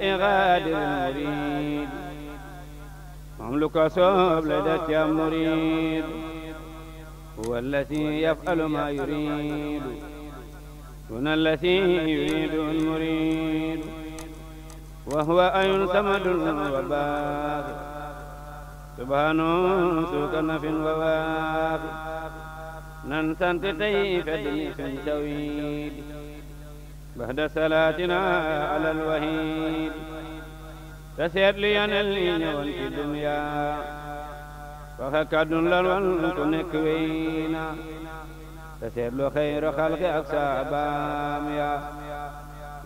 غادر المريد مملك صوب لدى يا مريد هو الذي يفعل ما يريد هنا الذي يريد المريد وهو أي ثمد وباغ سبحان سوكن في وواغ ننسان تتيف دي في التويد بعد صلاتنا على الوحيد تسير لي أنا اللي نوان في الدنيا فهكاد لنوان كنك وينا تسير له خير خلق أكسابام يا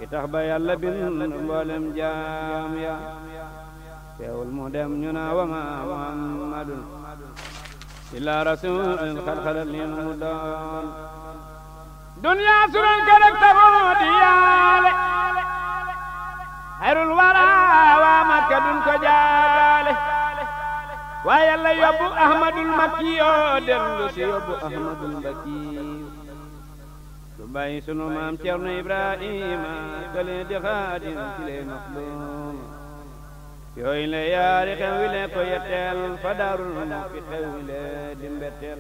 كتاخ با يالا بن مبولم جام يا teewul mu dem ñu na wa ma muhammadun illa rasul xalxalal lin mu doon دنيا سرن كرك تبو ديالي خير الورى وامك دون كجالي ويلا يبو أحمد المكي دلس يبو أحمد المكي باي سنو مام تيرن إبراهيم كلي دخادم كلي مخدوم يوين لياري خويلة كويتل فدار في خويلة دمبتل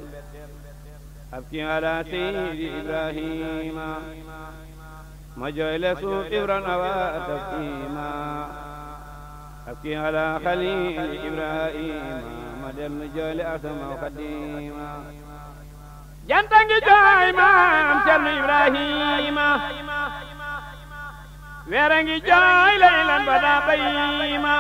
أبكي على سيدي إبراهيم ما جعل سوء إبرا وتفهيما أبكي على خليل إبراهيم ما دم جعل أسما وقديما جنتك جايما أمسر إبراهيم weerangi jooy laylan ba daa bayima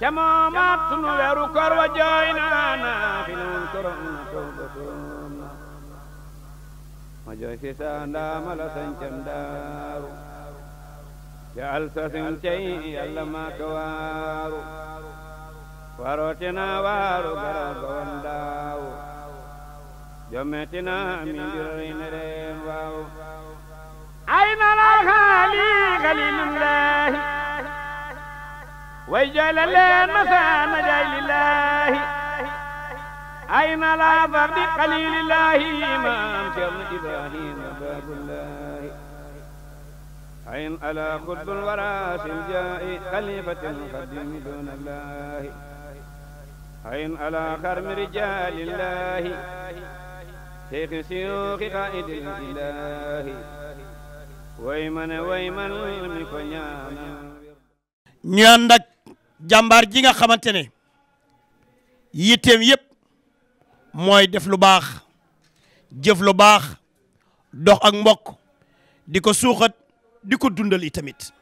ca moomaat sunu weeru kor wa jooy naana fi nun korom na toog ma joy si sa ndaama la sañca ndaaru jaal sasin cay yàlla maa waaru warootina waaru garoo gawan daawu jommetina mi ngiroy ne waawu ay nalal xaali xalilullahi way jala leen ma saana jaay lillahi ay na laa fardi xalilillahi imaam Cerno Ibrahima baabullahi ayn ala xutbul warasil jaa'i xalifatil xadimi doonallahi ayn ala xarmi rijaalillahi seyxi siyuuxi qaa'idil ilaahi way man way man mi ko ñaana ñu ànd ak jàmbaar ji nga xamante ne yitteem yëpp mooy def lu baax jëf lu baax dox ak mbokk di ko suuxat di ko dundal i tamit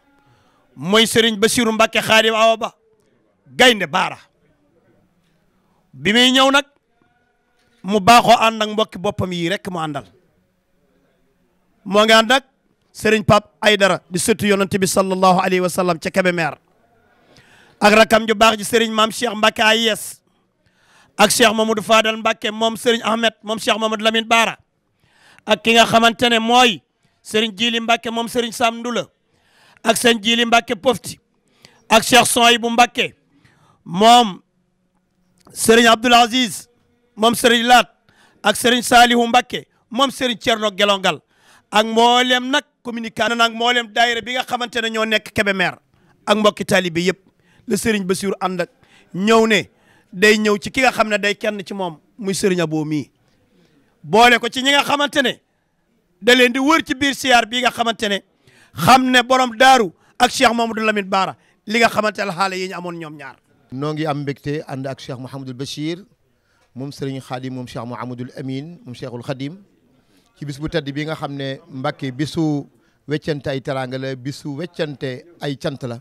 mooy Serigne Bassirou Mbacké Khadim Awa Ba gaynde baara bi muy ñëw nag mu baax xoo ànd ak mbokki boppam yii rek mu àndal moo ngi ànd ak ay dara di sëtu yonent bi sallallahu alayhi wa sallam ca Kébémer ak rakam ju baax ji Serigne maam Cheikh Mbacké ay yes ak Cheikh Mamadou Fadal Mbacke moom Serigne Ahmed moom Cheikh Mamadou Lamine Baara ak ki nga xamante ne mooy Serigne Jili Mbacke moom Serigne Sam Ndula ak Serigne Jili Mbacke Pofti ak Cheikh Soyibu Mbacke moom Serigne Abdoul Aziz moom Serigne Laat ak Serigne Salihu Mbacke moom Serigne Thierno Gelongal ak mboolem nag communication nag mboolem daayira bi nga xamante ne ñoo nekk Kébémer ak mbokki taalibe yëpp la Serigne Bassirou ànd ak ñëw ne. day ñëw ci ki nga xam ne day kenn ci moom muy sëriñ Abo mii boole ko ci ñi nga xamante ne da leen di wër ci biir siyaar bii nga xamante ne xam ne borom daaru ak Cheikh Mamadou Lamine Baara li nga xamante ne xaale yi ñu amoon ñoom ñaar. noo ngi am mbégte ànd ak Cheikh Mouhamadul Bachir moom sëriñ Xaadim moom Cheikh Mouhamadul Amin moom Cheikhul Xadim ci bis bu tedd bi nga xam ne Mbàkke bisu weccante ay teraanga la bisu weccante ay cant la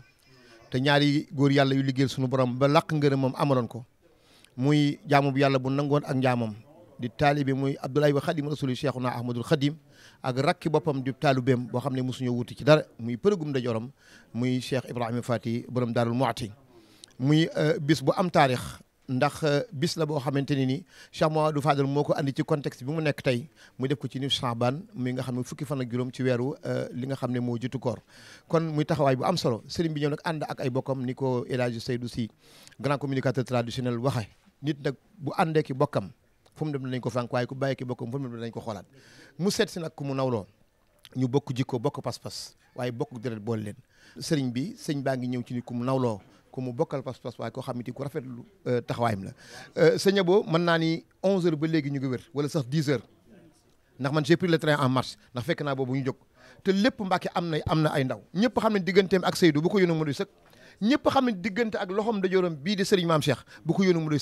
te ñaari góor yàlla yu liggéeyal sunu borom ba lakk ngërëm moom amaloon ko. muy jaamu bu yàlla bu nangoon ak njaamam di taalibi muy Abdoulaye wa xadim rasuli cheikhuna ahmadul xadim ak rakki boppam di taalibeem boo xam ne mosuñoo wuti ci dara muy përëgum da jorom muy cheikh Ibrahima Fati borom daarul Muati muy euh, bis bu am taarix ndax euh, bis la boo xamante ne ni Cheikh Mouhamadou Fadal moo ko andi ci contexte bi mu nekk tey mu def ko ci ni Chaabaan mi nga xam ne fukki fan ak juróom ci weeru euh, li nga xam ne moo jiitu koor kon muy taxawaay bu am solo sëriñ bi ñëw nag ànd ak ay bokkam ni ko El Hadj Seydou Sy grand communicateur traditionnel waxe nit nag bu àndee ki bokkam fu mu dem danañ ko fànk waaye ku bàyyi ki bokkam fu mu dem ko xoolaat mu seet si nag ku mu nawloo ñu bokk jikko bokk pas-pas waaye bokk deret boole leen sëriñ bi sëñ baa ngi ñëw ci ni ku mu nawloo ku mu bokkal pas-pas waaye koo xam ne ku lu euh, taxawaayam la euh, sëñ Abo mën naa ni 11 heures ba léegi ñu ngi wér wala sax 10 heures ndax man j'ai pris le train en marche ndax fekk naa boobu ñu jóg te lépp Mbàkke am na am na ay ndaw ñëpp xam ne digganteem ak Seydou bu ko yónnee mu doy sëkk ñëpp xam ne diggante ak loxoom dajooram bii di sëriñ Maam Cheikh bu ko mu doy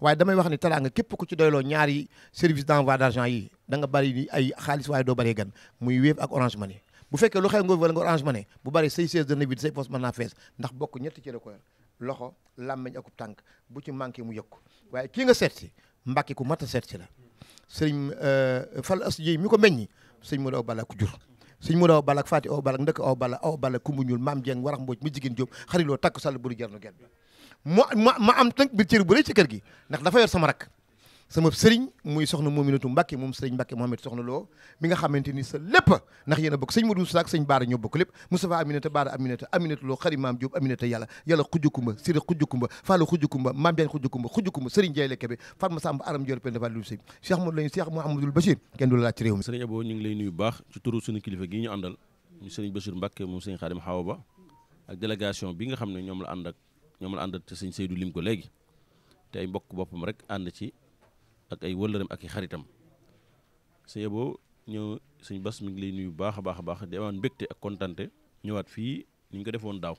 waaye damay wax ni teraanga képp ku ci doyloo ñaari service d'envoi d'argent yi danga nga bari ni ay xaalis waaye doo bari gan muy Wave ak Orange Money bu fekkee lu xew nga wala nga Orange Money bu bari say sees dana vide say poos mën naa fees ndax bokk ñetti ci la ko yor loxo làmmeñ akub tànk bu ci manqué mu yëkku waaye kii nga seet si mbàkki ku mat a seet si la sëriñ euh, fal as jiy mi ko meññi sëñ mu daw bala ku jur sëñ mu daw balak faati aw balak ndëkk aw bala aw bala kumbu ñuul maam Dieng warax mbooj mu jigéen jóob xariloo takk sall buri jarnu mu ma ma am nag biir cër bu rëy ci kër gi ndax dafa yor sama rak sama sëriñ muy soxna Mominatou Mbacke moom sëriñ Mbacke Mohamed soxna loo mi nga xamante ni sa lépp ndax yéen a bokk sëñ Modou Moussa ak sëñ Baara ñoo bokk lépp Moustapha Aminata Baara Aminata Aminata loo xari maam Diop Aminata yàlla yàlla xujjukumba Siré xujjukumba Fallou xujjukumba Maam Diagne xujjukumba xujjukumba sëriñ Ndiaye Lekebe Fatma Samb Aram Dior Penda Fall Cheikh Mouhamadou lañu Cheikh Mouhamadoul Bachir kenn du la laaj ci réew mi sëriñ Abo ñu ngi lay nuyu baax ci turu suñu kilifa gi ñu àndal ñu sëriñ Bachir Mbacke moom sëriñ Khadim Hawa Ba ak délégation bi nga xam ne ñoom la ànd ak ñoom la àndal te sëñ Seydou lim ko léegi te ay mbokk boppam rek ànd ci ak ay wëllëram ak i xaritam sa yeboo ñëw sëñ Bas mi ngi lay nuyu baax a baax a baax di amaan mbégte ak kontante ñëwaat fii ni ñu ko defoon daaw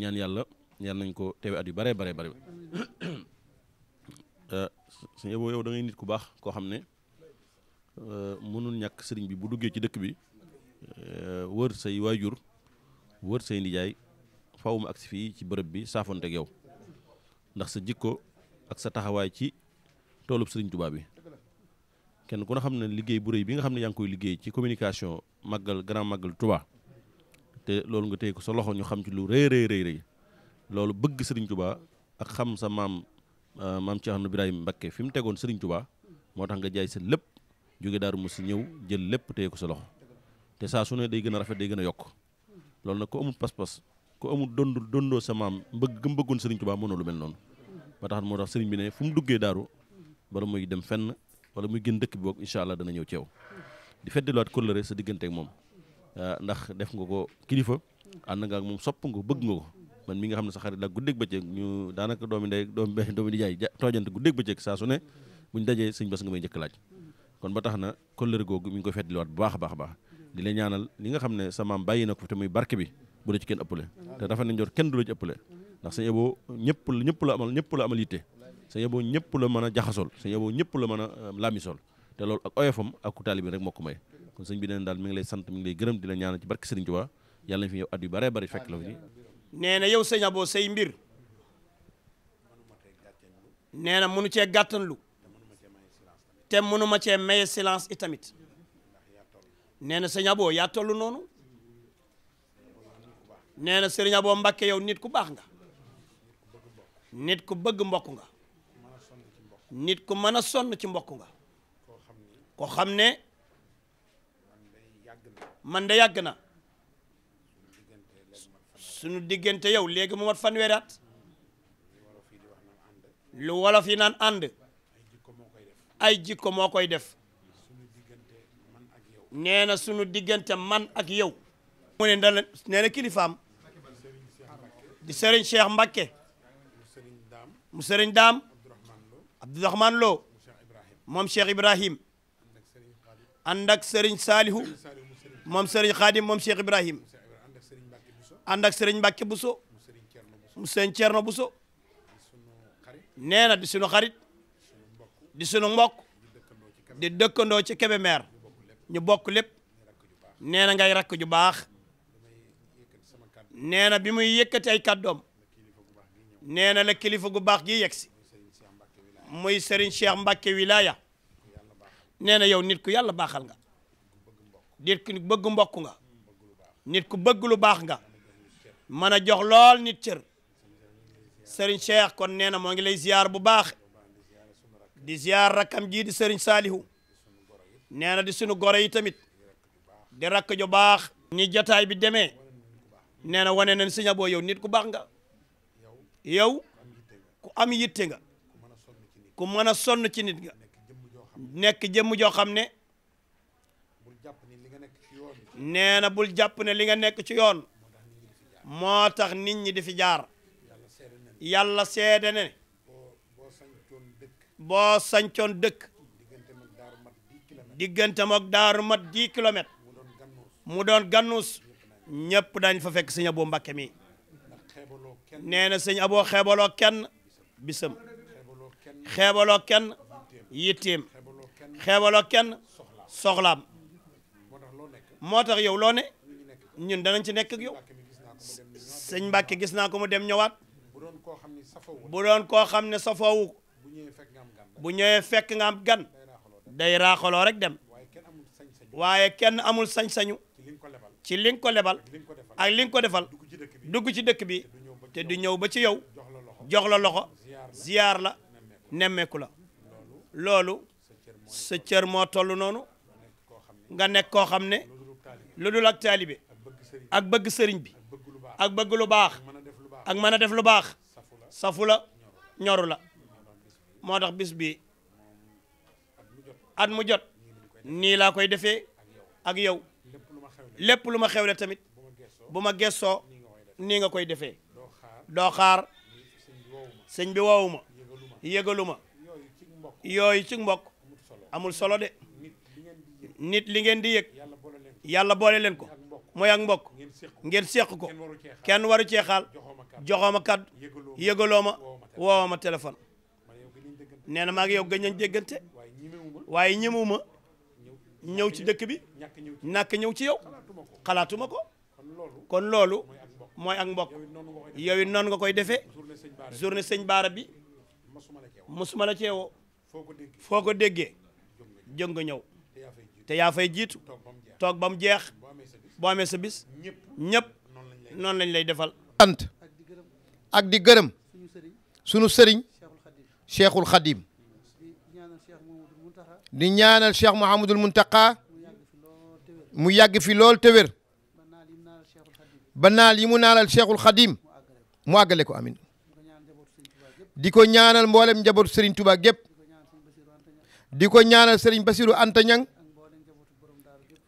ñaan yàlla ñaan nañ ko teewe at yu bare bare bare euh, sëñ yeboo yow da nit ku baax koo xam ne euh, mënul ñàkk sëriñ bi bu duggee ci dëkk bi euh, wër say waajur wër say nijaay faw mu agsi fii ci bërëb bi saafonte ak yow ndax sa jikko ak sa taxawaay ci toolub Sëriñ Tuubaa bi kenn ku ne xam ne liggéey bu rëy bi nga xam ne yaa ngi koy liggéey ci communication màggal grand màggal Tuubaa te loolu nga tey ko sa loxo ñu xam ci lu rëy rëy rëy rëy loolu bëgg Sëriñ Tuubaa ak xam sa maam euh, maam Cheikhna Ibrahima Mbakke fi mu tegoon Sëriñ Tuubaa moo tax nga jaay sa lépp jóge Daaru Musi ñëw jël lépp téye ko sa loxo te saa su ne day gën a rafet day gën a yokk ku amul dond dondoo sa maam mbëgg gëm bëggoon sëriñ Tuubaa mënoo lu mel noonu ba tax moo tax sëriñ bi ne fu mu duggee daaru bala muy dem fenn wala muy gën dëkk bi boog incha allah dana ñëw ceew di feddiluwaat kóllëre sa diggante moom ah, ndax def nga ko kilifa ànd nga ak moom sopp nga bëgg nga ko man mi nga xam ne sa xarit la guddeeg bëccëg ñu daanaka doomi ndey doomi be doomi di jaay toojante guddeeg bëccëg saa su ne buñ dajee sëñ bas nga may njëkk laaj kon ba tax na kóllëre googu mi ngi ko feddiluwaat bu baax a baax baax di lay ñaanal li nga xam ne sa maam bàyyi na ko te muy barke bi bu la ci kenn ëppale te dafa nañ kenn du la ci ëppale ndax sa yeboo ñëpp ñëpp la amal ñëpp la amal yitte sa yeboo ñëpp la mën a jaxasool sa yeboo ñëpp la mën a euh, laamisool te loolu ak oyofam ak ku taalibi rek moo ko may kon sëñ bi neen daal mi ngi lay sant mi ngi lay gërëm dina la ñaanal ci barke Sëriñ Tuubaa yàlla na fi yow at yu bare bari fekk la nee na yow sëñ say mbir nee na mënu cee gàttanlu te mënuma cee maye silence itamit nee na sëñ Abo yaa toll noonu nee na sëriñ Abo Mbàkke yow nit ku baax nga nit ku bëgg mbokku nga nit ku mën a sonn ci mbokku nga ko xam ne man de yàgg na suñu diggante yow léegi mu mat fanweeri at lu wolof yi naan ànd ay jikko moo koy def nee sunu suñu diggante man ak yow mu kilifaam di sëriñ Cheikh Mbakke mu sëriñ Daam Abdourahman Lo moom Cheikh Ibrahim ànd ak sëriñ Saalihu moom sëriñ Xaadim moom Cheikh Ibrahim ànd ak sëriñ Mbakke Buso mu sëriñ Cerno Buso nee na di sunu xarit di sunu mbokk di dëkkandoo ci Kébémer ñu bokk lépp nee na ngay ju baax nee na bi muy yëkkati ay kàddoom nee la kilifa gu baax gi yegsi muy Serigne Cheikh Mbacke Wilaya nee na yow nit ku yàlla baaxal nga nit ku bëgg mbokk nga nit ku bëgg lu baax nga mën a jox lool nit cër Serigne Cheikh kon nee na moo ngi lay ziar bu baax di ziar rakam jii di Serigne Salihu nee na di sunu goro yi tamit di rakk baax. ni jotaay bi demee nee na wane nañ si Abo yow nit ku baax nga yow ku am yitte nga ku mën a sonn ci nit nga nekk jëmm joo xam ne nee na bul jàpp ne li nga nekk ci yoon moo tax nit ñi di fi jaar yàlla seede ne boo sañcoon dëkk digganteem ak daaru mat dix kilomètres mu doon gannuus ñëpp daañ fa fekk sëñ Abo Mbàkke mi nee na sëñ Abo xeebaloo kenn bisam xeebaloo kenn yitteem xeebaloo kenn soxlaam moo tax yow loo ne ñun danañ ci nekk ak yow sëñ Mbàkke gis naa ko mu dem ñëwaat bu doon koo xam ne safoowu bu ñëwee fekk nga am gan day raaxaloo rek dem waaye kenn amul sañ-sañu ci li nga ko lebal ak li ko defal dugg ci dëkk bi te du ñëw ba ci yow jox la loxo ziyaar la nemmeeku la loolu sa cër moo toll noonu nga nekk koo xam ne lu dul ak taalibe ak bëgg sëriñ bi ak bëgg lu baax ak mën a def lu baax safu la ñoru la moo tax bis bi at mu jot nii laa koy defee ak yow lépp lu ma xew xewle tamit bu ma gessoo nii nga koy defee doo xaar sëñ bi woowu ma yëgalu ma yooyu ci mbokk amul solo de nit li ngeen di yëg yàlla boole leen ko mooy ak mbokk ngeen seq ko kenn waru cee xaal joxoo ma kàddu yëgaloo ma woowoo ma téléphone nee na maa ngi yow gëj nañ déggante waaye ñemewuma ñëw ci dëkk bi ñàkk ñëw ci yow xalaatuma ko kon loolu mooy ak mbokk yow it noonu koy defee journée sëñ baara bi mosuma la ceewoo foo ko déggee jóg nga ñëw te yaa fay jiitu toog ba mu jeex boo amee sa bis ñëpp noonu lañ lay defal sant ak di gërëm sunu sëriñ cheikhul xadim di ñaanal cheikh mouhamadul muntaqa mu yàgg fi lool te ba naal yi mu naalal cheikhul xadim mu àggale ko amin di ko ñaanal mboolem njabootu Serigne Touba gépp di ko ñaanal Serigne Bassirou Anta Niang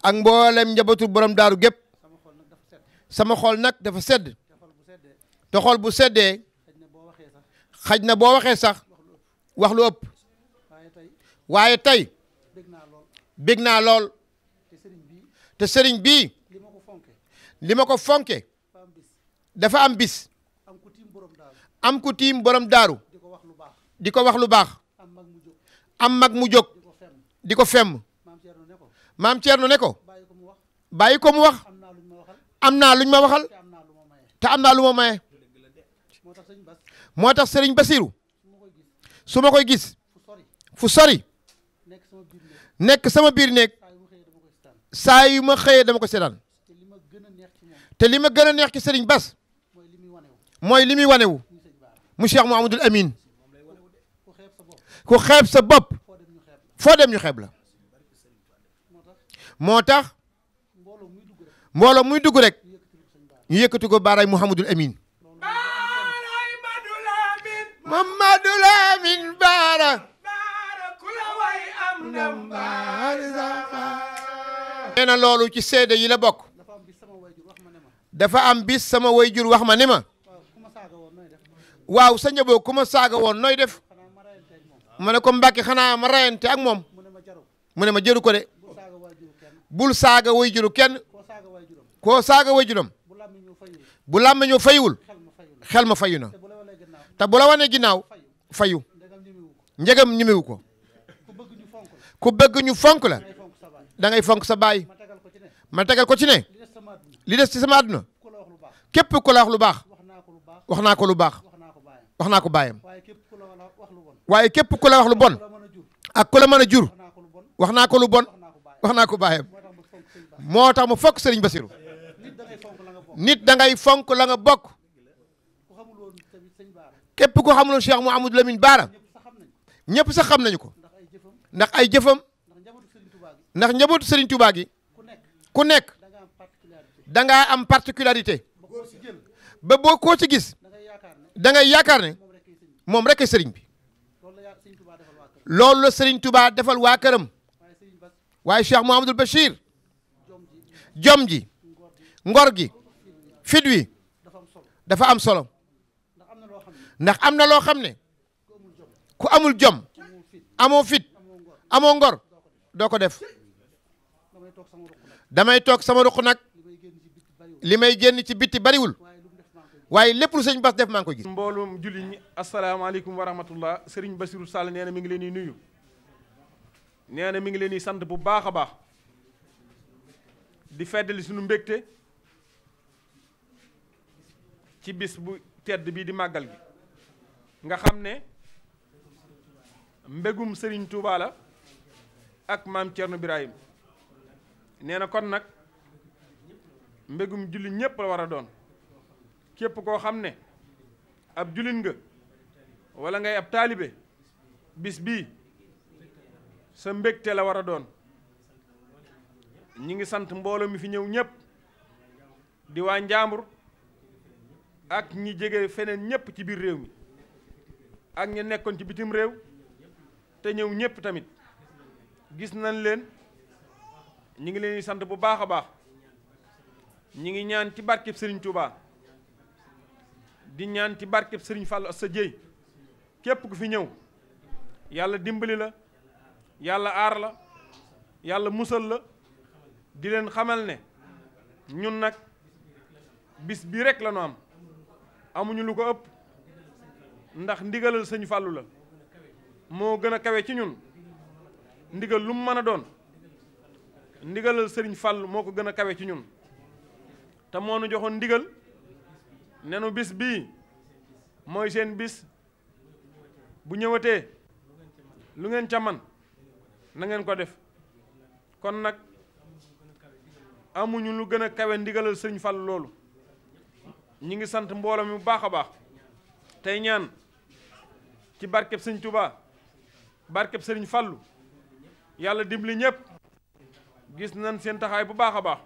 ak mboolem njabootu borom daaru gépp sama xol nag dafa sedd te xol bu seddee xaj na boo waxee sax wax lu ëpp waaye tey bég naa lool te Serigne bi li ma ko fonke dafa am bis am ku tiim borom daaru di ko wax lu baax am mag mu jóg di ko femm maam Thierno ne ko bàyyi ko mu wax am naa luñ ma waxal te am naa lu ma maye moo tax Serigne Bassirou su ma koy gis fu sori nekk sama biir néeg saa yu ma xëyee dama ko seetaan te li ma gën a neex ci Serigne Bass mooy li muy wanewu mu Cheikh Mouhamadoul Amine ku xeeb sa bopp foo dem ñu xeeb la moo tax mbooloo muy dugg rek ñu yëkkati ko baaraay Mouhamadoul Amine baaraay Madul Amin Mamadul Amin baara baara ku la way am na nee na loolu ci seede yi la bokk dafa am bis sama jur wax ma ni ma waaw sa njaboot ku ma saaga woon nooy def ma ne ko mbake xanaa ma rayante ak moom mu ne ma jëru ko de bul saaga wayjuru kenn koo saaga wayjuram bu làmmiñ ñu faywul xel ma fayu na te bu la wanee ginnaaw fayu njegam ñemewu ko ku bëgg ñu fonk la da ngay fonk sa baay ma tegal ko ci ne li des ci sama àdduna képp ku la wax lu baax wax naa ko lu baax wax naa ko baayam waaye képp ku la wax lu bon ak ku la mën a jur wax naa ko lu bon wax naa ko baayam moo tax mu fokk Serigne Bassirou nit da ngay fonk la nga bokk képp ko xamuloon Cheikh Mouhamadou Lamine Baara ñëpp sax xam nañu ko ndax ay jëfam ndax njabootu Serigne Touba gi ku nekk. da ngaa am particularité ba boo koo ci gis da ngay yaakaar ne moom rek sëriñ bi loolu la sëriñ Touba defal waa këram waaye Cheikh Mouhamadul Bachir jom ji ngor gi fit wi dafa am solo ndax am na loo xam ne ku amul jom amoo fit amoo ngor doo ko def damay toog sama ruq nag li may génn ci bitti bariwul waaye lépp lu sëñ Bass def maa ko gis. mbooloom jullit ñi asalaamaaleykum wa rahmatullah sëriñ Bassirou Sall nee na mi ngi leen di nuyu neena mi ngi leen di sant bu baax a baax di feddali sunu mbégte ci bis bu tedd bii di màggal gi nga xam ne mbégum sëriñ tuubaala ak maam Thierno Birahim nee na kon nag. mbégum jullit ñépp la war a doon képp koo xam ne ab jullit nga wala ngay ab taalibe bis bii sa mbégte la war a doon ñi ngi sant mbooloo mi fi ñëw ñépp di waa Njaambur ak ñi jege feneen ñépp ci biir réew mi ak ñi nekkoon ci bitim réew te ñëw ñépp tamit gis nañ leen ñi ngi leen di sant bu baax a baax ñu ngi ñaan ci barkeb sëriñ Touba di ñaan ci barkeb sëriñ Fallou sa Dieye képp ku fi ñëw yàlla dimbali la yàlla aar la yàlla musal la di leen xamal ne ñun nag bis bi rek la ñu am amuñu lu ko ëpp ndax ndigalal sëñ Fallou la moo gën a kawe ci ñun ndigal lu mu mën a doon ndigalal sëriñ Fallou moo ko gën a kawe ci ñun te moo nu joxoon ndigal nenu bis bii mooy seen bis bu ñëwatee lu ngeen ca man na ko def kon nag amuñu lu gën a kawe ndigalal sëñ fal loolu ñu ngi sant mbooloo mi bu baax a baax tey ñaan ci barkeb sëñ tubaa barkeb sëriñ fàllu yàlla dimbali ñépp gis nañ seen taxaay bu baax a baax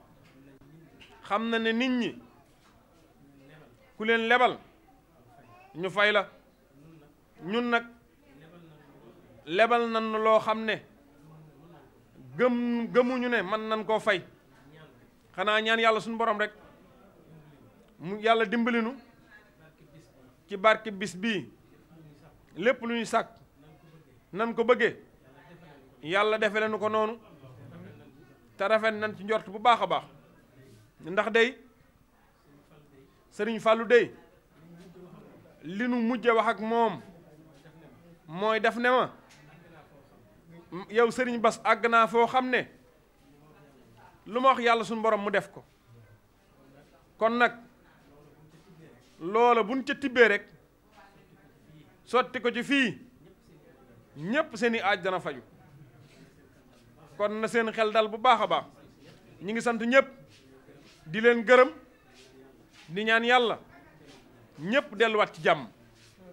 xam na ne nit ñi ku leen lebal ñu fay la ñun nag lebal nan loo xam ne gëm gëmuñu ne man nan koo fay xanaa ñaan yàlla suñu borom rek mu yàlla dimbalinu ci barke bis bii lépp lu ñu sàkk nan ko bëggee yàlla defe nu ko noonu te rafet nan ci njort bu baax a baax ndax day sëriñ Fallou day li nu mujj wax ak moom mooy def ne ma yow sëriñ Bas àgg naa foo xam ne lu ma wax yàlla suñu borom mu def ko kon nag loola buñ ca tibbee rek sotti ko ci fii ñépp seeni aaj dana faju kon na seen xel dal bu baax a baax ñi ngi sant ñépp di leen gërëm di ñaan yàlla ñëpp delluwaat ci jàmm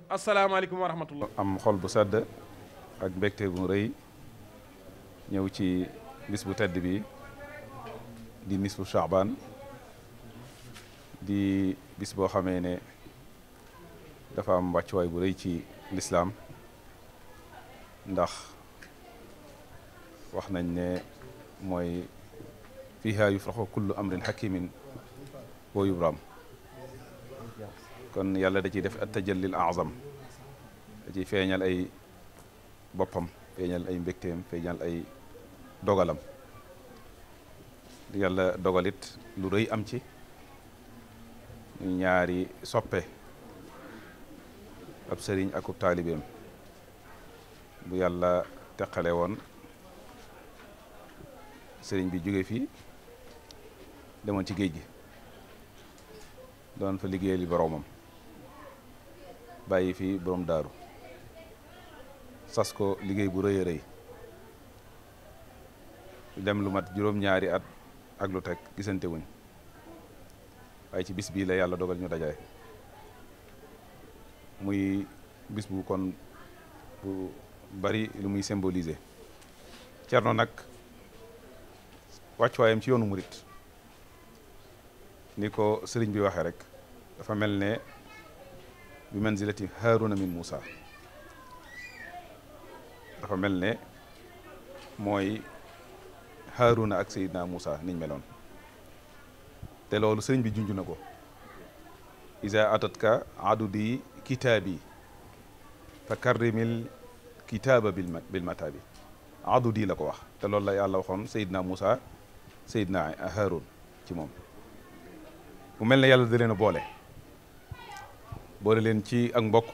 asalaamaaleykum wa rahmatullah am xol bu sedd ak mbégte bu rëy ñëw ci bis bu tedd bi di nisfu Shaaban di bis boo xamee ne dafa am wàccuwaay bu rëy ci lislaam ndax wax nañ ne mooy fiha yufraxu kullu amrin xakimin wa yubraam kon yàlla da ciy def at tajallil azam da ciy feeñal ay boppam feeñal ay mbégteem feeñal ay dogalam yàlla dogalit lu rëy am ci ñaari soppe ab sëriñ akub taalibeem bu yàlla teqale woon sëriñ bi jóge fi demoon ci géej gi doon fa liggéeyal boroomam bàyyi fi borom daaru sas ko liggéey bu rëy a rëy dem lu mat juróom-ñaari at ak lu teg gisante waaye ci bis bii la yàlla dogal ñu dajaay muy bis bu kon bu bari lu muy symboliser Cerno nag wàccuwaayam ci yoonu murit ni ko sëriñ bi waxee rek dafa mel ne bi manzilati haaruna min Muusa dafa mel ne mooy haaruna ak sayidna Muusa niñ meloon te loolu sëriñ bi junj na ko isa atatka adudi kitaabi fa karrimil kitaaba bil mataabi adudi la ko wax te loolu la yàlla waxoon sayidna Muusa sayidna haarun ci moom mu mel ne yàlla da leen a boole boole leen ci ak mbokk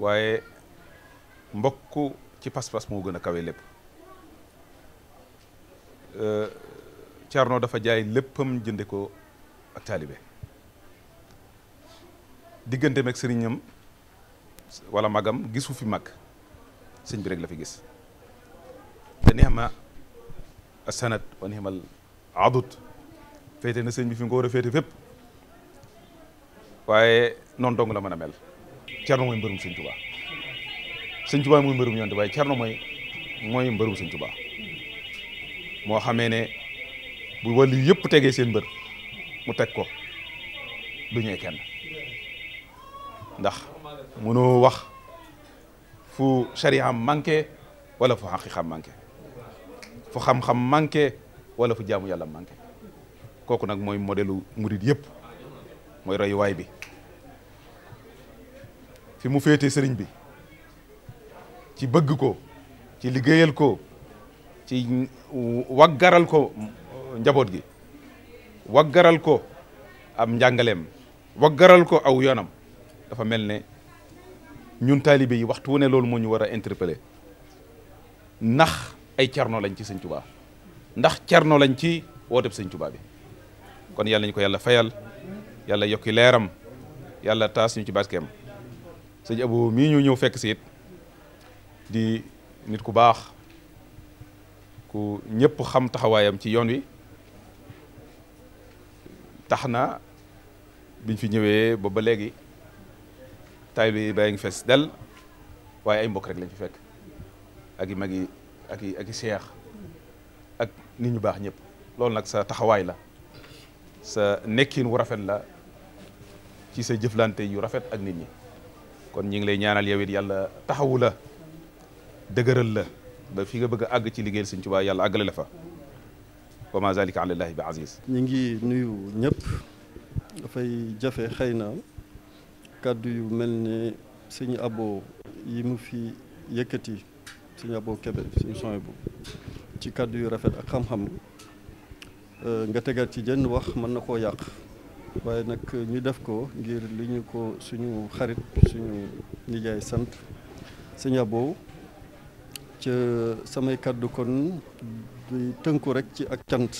waaye mbokk ci pas-pas moo gën a kawe lépp euh, Thierno dafa jaay léppam jënde ko ak taalibe diggante ak sëriñam wala magam gisu fi mag sëñ bi rek la fi gis te neex ma asanat wa neex ma adut féete na sëñ bi fi nga war a féete fépp waaye noonu dong la mën a mel cerno mooy mbërum sëñ Tuubaa sëñ Tuubaa mooy mbërum yonte waaye cerno mooy mooy mbërum sëñ Tuubaa moo xamee ne bu wàllu yépp tege seen mbër mu teg ko du ñee kenn ndax mënoo wax fu am manqué wala fu xaqiqaam manqué fu xam-xam manqué wala fu jaamu yàlla manqué kooku nag mooy modelu murit yëpp mooy royuwaay bi fi mu féete sëriñ bi ci bëgg ko ci liggéeyal ko ci waggaral ko njaboot gi waggaral ko am njàngaleem waggaral ko aw yoonam dafa mel ne ñun taalibe yi waxtu wu ne loolu moo ñu war a interpeller ndax ay cerno lañ ci sëñ Tuubaa ndax cerno lañ ci wooteb sëñ Tuubaa bi kon yàlla nañu ko yàlla fayal yàlla yokki leeram yàlla taas ñu ci barkeem sëñ Abo mii ñu ñëw fekk si it di nit ku baax ku ñëpp xam taxawaayam ci yoon wi tax na biñ fi ñëwee ba ba léegi taay bi bàyyi ngi fees del waaye ay mbokk rek lañ fi fekk ak i mag yi ak i seex ak nit ñu baax ñëpp loolu nag sa taxawaay la sa nekkiin wu rafet la ci sa jëflante yu rafet ak nit ñi kon ñi ngi lay ñaanal yow yàlla taxawu la dëgëral la ba fi nga bëgg a àgg ci liggéeyal Sëñ Tuubaa yàlla àggale la fa wa ma zalika ala llahi bi aziz ñi ngi nuyu ñëpp dafay jafe xëy na kàddu yu mel ni sëñ abo yimu fi yëkkati sëñ abo kebe sëñ son bu ci kàddu yu rafet ak xam-xam Euh, nga tegal ci jënn wax mën na koo yàq waaye nag euh, ñu def ko ngir li ñu ko suñu xarit suñu nijaay sant sëñ Abo ca samay kàddu kon di tënku rek ci ak cant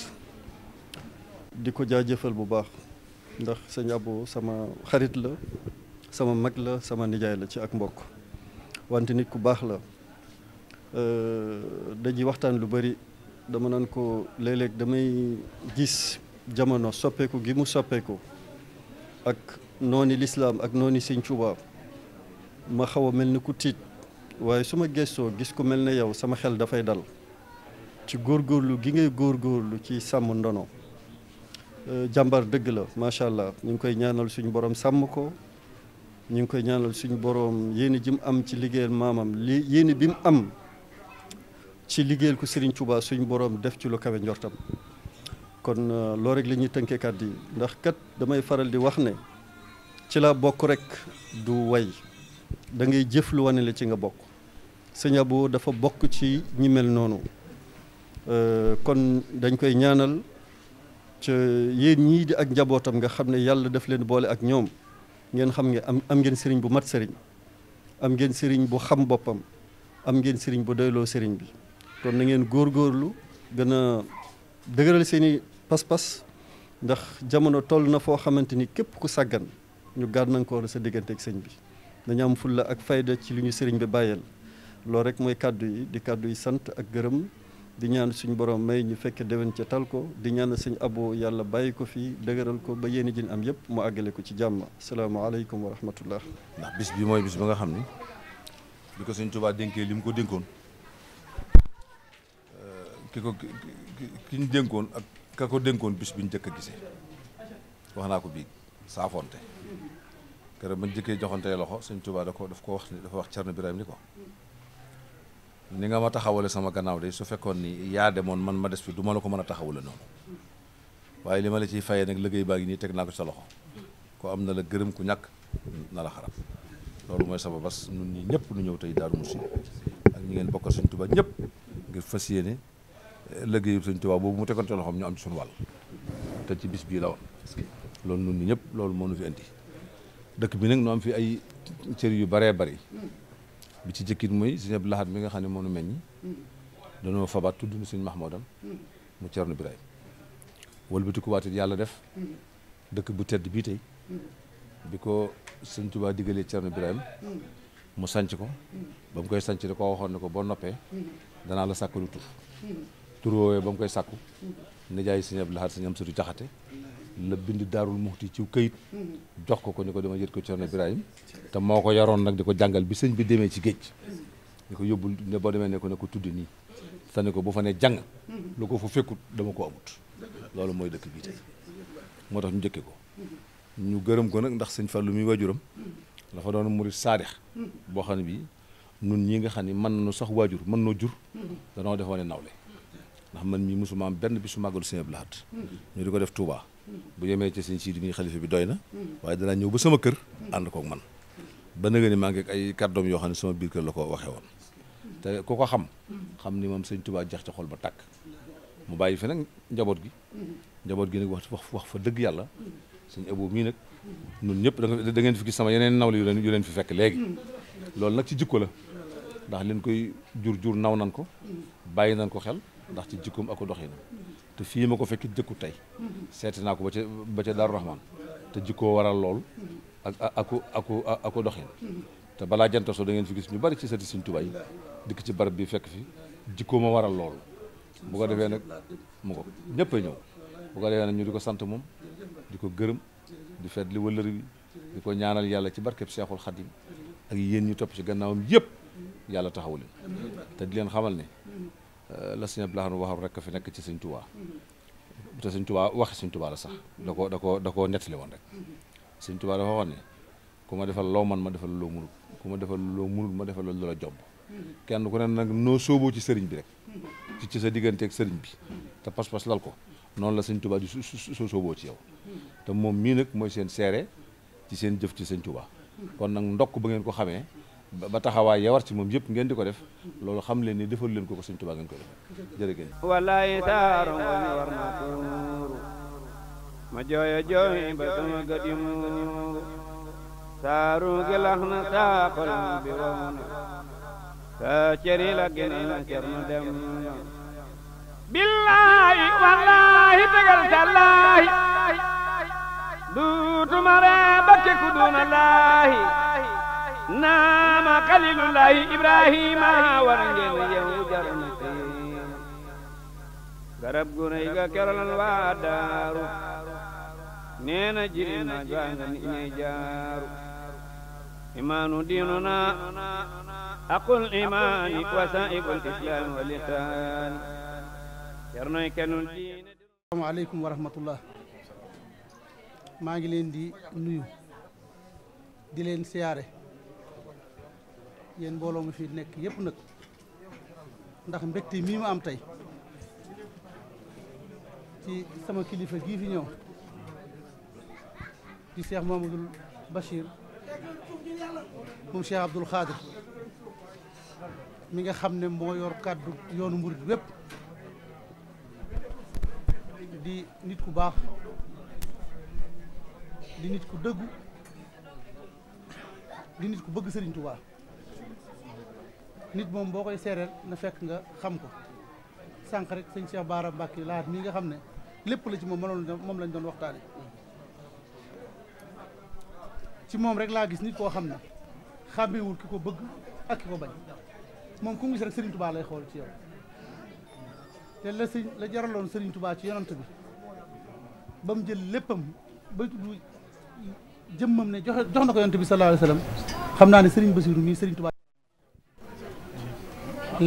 di ko jaajëfal bu baax ndax sëñ Abo sama xarit la sama mag la sama nijaay la ci ak mbokk wante nit ku baax la euh, dañuy waxtaan lu bari dama naan ko léeg damay gis jamono soppeeku gi mu soppeeku ak nooni lislaam ak nooni Sëñ Tuubaa ma xaw a mel ni ku tiit waaye su ma gëstoo gis ko mel ne yow sama xel dafay dal ci góor góorlu gi ngay góor góorgóorlu ci sàmm ndono euh, jàmbar dëgg la macha allah ñu ngi koy ñaanal suñu borom sàmm ko ñu ngi koy ñaanal suñu boroom yéene ji mu am ci liggéeyal maamam li yéene bi mu am. ci liggéeyal ko Serigne Touba suñ borom def ci lu kawe njortam kon euh, loo rek lañuy ñuy tënkee kàddu yi ndax kat damay faral di wax ne ci la bokk rek du way dangay ngay jëf lu wane la ci nga bokk sëñ Abo dafa bokk ci ñi mel noonu euh, kon dañ koy ñaanal ca yéen ñii di ak njabootam nga xam ne yàlla daf leen boole ak ñoom ngeen xam ngi am am ngeen sëriñ bu mat sëriñ am ngeen sëriñ bu xam boppam am ngeen sëriñ bu doyloo sëriñ bi kon na ngeen góorlu gën a dëgëral seen i pas-pas ndax jamono toll na foo xamante ni képp ku sàggan ñu gàllankoor sa diggante ak sëñ bi dañu am fulla ak fayda ci li ñu sëriñ bi bàyyeel loolu rek mooy kàddu yi di kàddu yi sant ak gërëm di ñaan suñu borom may ñu fekke déwén ca tal ko di ñaan sëñ abo yàlla bàyyi ko fii dëgëral ko ba yéen jin am yëpp mu àggale ko ci jàmm salaamaaleykum wa rahmatullah ndax bis bi mooy bis ba nga xam ni bi ko sëñ Tuubaa dénkee li mu ko dénkoon ki ko ki ñu dénkoon ak ka ko dénkoon bis bi ñu njëkk a gisee wax naa ko bii saafoonte keroog ba njëkkee joxantee loxo sëñ Tuubaa ko daf ko wax ni dafa wax Cerno Birahim ni ko ni nga ma taxawale sama gannaaw de su fekkoon ni yaa demoon man ma des fi du ma la ko mën a taxawale noonu waaye li ma la ciy fayee nag liggéey baa ngi nii teg naa ko sa loxo ko am na la gërëm ku ñàkk na la xarab loolu mooy sama bas ñun ñii ñëpp nu ñëw tey Daaru Muxti ak ñi ngeen bokkal sëñ Tuubaa ñëpp ngir fas yéene liggéeyub Sëñ Tuubaa boobu mu tegoon ci loxoom ñu am ci suñu wàll te ci bis bii la woon loolu nun ñi ñëpp loolu moo nu fi indi dëkk bi nag nu am fi ay cër yu baree bari bi ci jëkkit mooy Sëñ Abdou Lahad mi nga xam ne moo nu meññ dañoo fabaat tudd nu Sëñ Mahmoudam mu Ceerno Birahim wëlbatikuwaat it yàlla def dëkk bu tedd bii bi ko Sëñ Tuubaa diggalee Ceerno Birahim mu sanc ko ba mu koy sanc da koo waxoon ne ko boo noppee danaa la sàkkalu tur tur woowee ba mu koy sàkku nijaay sëñ Abdou Lahad sëñ Amsatu Jaxate la bind daarul muxti ci këyit jox ko ko ni ko dama jët ko Cerno Ibrahim te moo ko yaroon nag di ko jàngal bi sëñ bi demee ci géej ni ko yóbbul ne boo demee ne ko ne ko tudd nii te ne ko bu fa ne jàng lu ko fu fekkut dama ko amut loolu mooy dëkk bii tey moo tax ñu njëkke ko ñu gërëm ko nag ndax sëñ lu mi waajuram dafa doon murit saadix boo xam ne bii nun ñi nga xam ne mën nañu sax waajur mën noo jur danoo defoon ne nawle ndax man mii musuma am benn bi su Sëñ Abdou Lahad mm-hmm. ñoo di ko def Touba mm-hmm. bu yemee ci Sëñ Sidi mi xalifa bi doy na mm-hmm. waaye danaa ñëw ba sama kër ànd koog man ba nga ni maa ngi ay kàddoom yoo xam ne sama biir kër la ko waxee woon te ku ko xam xam ni moom Sëñ Touba jeex ca xol ba tàkk mu bàyyi fi nag njaboot gi njaboot gi ne wax wax fa dëgg yàlla Sëñ Abo mii nag ñun ñëpp da ngeen fi gis sama yeneen nawle yu leen yu leen fi fekk léegi loolu nag ci jikko la ndax leen koy jur jur naw nan ko bàyyi nan ko xel ndax ci jikkoom ak doxinam te fii ma ko fekk jëkku tey seeti naa ko ba ca ba ca Daaru Rahman te jikkoo waral lool ak aku aku aku doxin te balaa janta so da ngeen fi gis ñu bari ci sati Sëriñ Tuubaa yi dikk ci barab bi fekk fi jikkoo ma waral lool bu ko defee nag mu ko ñëpp a ñëw bu ko defee nag ñu di ko sant moom di ko gërëm di feet li wëllër bi di ko ñaanal yàlla ci barkeb Seexul Xadim ak yéen ñu topp ci gannaawam yëpp yàlla taxawu leen te di leen xamal ne Euh, la sëñ Abdou Lahad waxoon rek fi nekk ci sëñ Tuubaa te sëñ Tuubaa waxi la sax da ko da ko da nettali woon rek sëñ Tuubaa dafa waxoon ne ku ma defal loo man ma defal loo munut ku ma defal loo munut ma defal loola jomb kenn ku ne nag noo sooboo ci sëriñ bi rek ci ci sa digganteek ak sëriñ bi te pas-pas lal ko noonu la sëñ Tuubaa di su su sooboo ci yow te moom mii nag mooy seen seere ci seen jëf ci sëñ Tuubaa kon nag ndokk ba ngeen ko xamee ba taxawaay ya ci moom yëpp ngeen di ko def loolu xam leen ni defal leen ko ko Sëñ Tuubaa ngeen def jërë ngeen walaay saaro ngoñ war na tuuru ma jooya jooy ba sama gët yi saaru gi na saa xolam bi wow na na cër dem na billaahi wallaahi tegal duutuma ree ba kekku duuna naama xalilullahi ibrahima war ngeen yeewu jarna garab gu ga kerolan waa daaru nee na jiri na joanga ni jaaru imaanu diinuna aqul imaani wasaa'ibul islaam wal ihsaan yarnoy kenul diine assalaamu aleykum wa rahmatullah maa ngi leen di nuyu di leen siyaare yéen mbooloo mu fi nekk yëpp nag ndax mbégte mii ma am tey ci sama kilifa gii fi ñëw di Cheikh Mamadou Bachir moom Cheikh Abdoul Khadir mi nga xam ne moo yor kàddu yoonu murit wépp di nit ku baax di nit ku dëggu di nit ku bëgg Serigne nit moom boo koy seereel na fekk nga xam ko sànq rek sëñ Cheikh Baara Mbacke laat mii nga xam ne lépp la ci moom mënoon moom lañ doon waxtaane ci moom rek laa gis nit koo xam ne xàmmeewul ki ko bëgg ak ki ko bañ moom ku gis rek Serigne Touba lay xool ci yow te la sëñ la jaraloon Serigne Touba ci yonant bi ba mu jël léppam bay tudd jëmmam ne jox na ko yonant bi sallallahu alayhi wa xam naa ne Serigne Bassirou mii Serigne Touba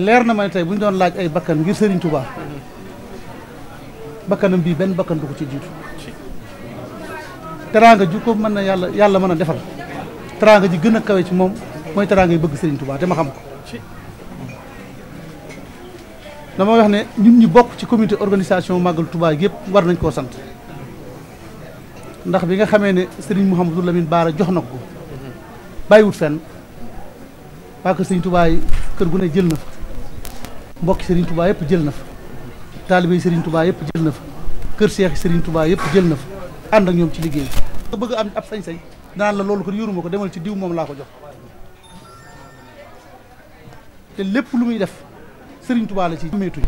leer na ma ne tey bu ñu doon laaj ay bakkan ngir Serigne Touba bakkanam bii benn bakkan du ko ci jiitu teraanga ju ko mën na yàlla yàlla mën a defal teraanga ji gën a kawe ci moom mooy teraanga yi bëgg Serigne Touba te ma xam ko dama wax ne ñun ñu bokk ci comité organisation màggal tubaa yépp war nañ koo sant ndax bi nga xamee ne sëriñ Serigne Mouhamadou Lamine Baara jox na ko bàyyiwut fenn waa ko Serigne yi kër gu ne jël na mbokki Serigne Touba yëpp jël na fa taalibé Serigne Touba yëpp jël na fa kër seexi sëriñ Touba yëpp jël na fa ànd ak ñoom ci liggéey nga bëgg am ab sañ-sañ naan la loolu ko yoruma ko demal ci diw moom laa ko jox te lépp lu muy def sëriñ Touba la ci meetuñ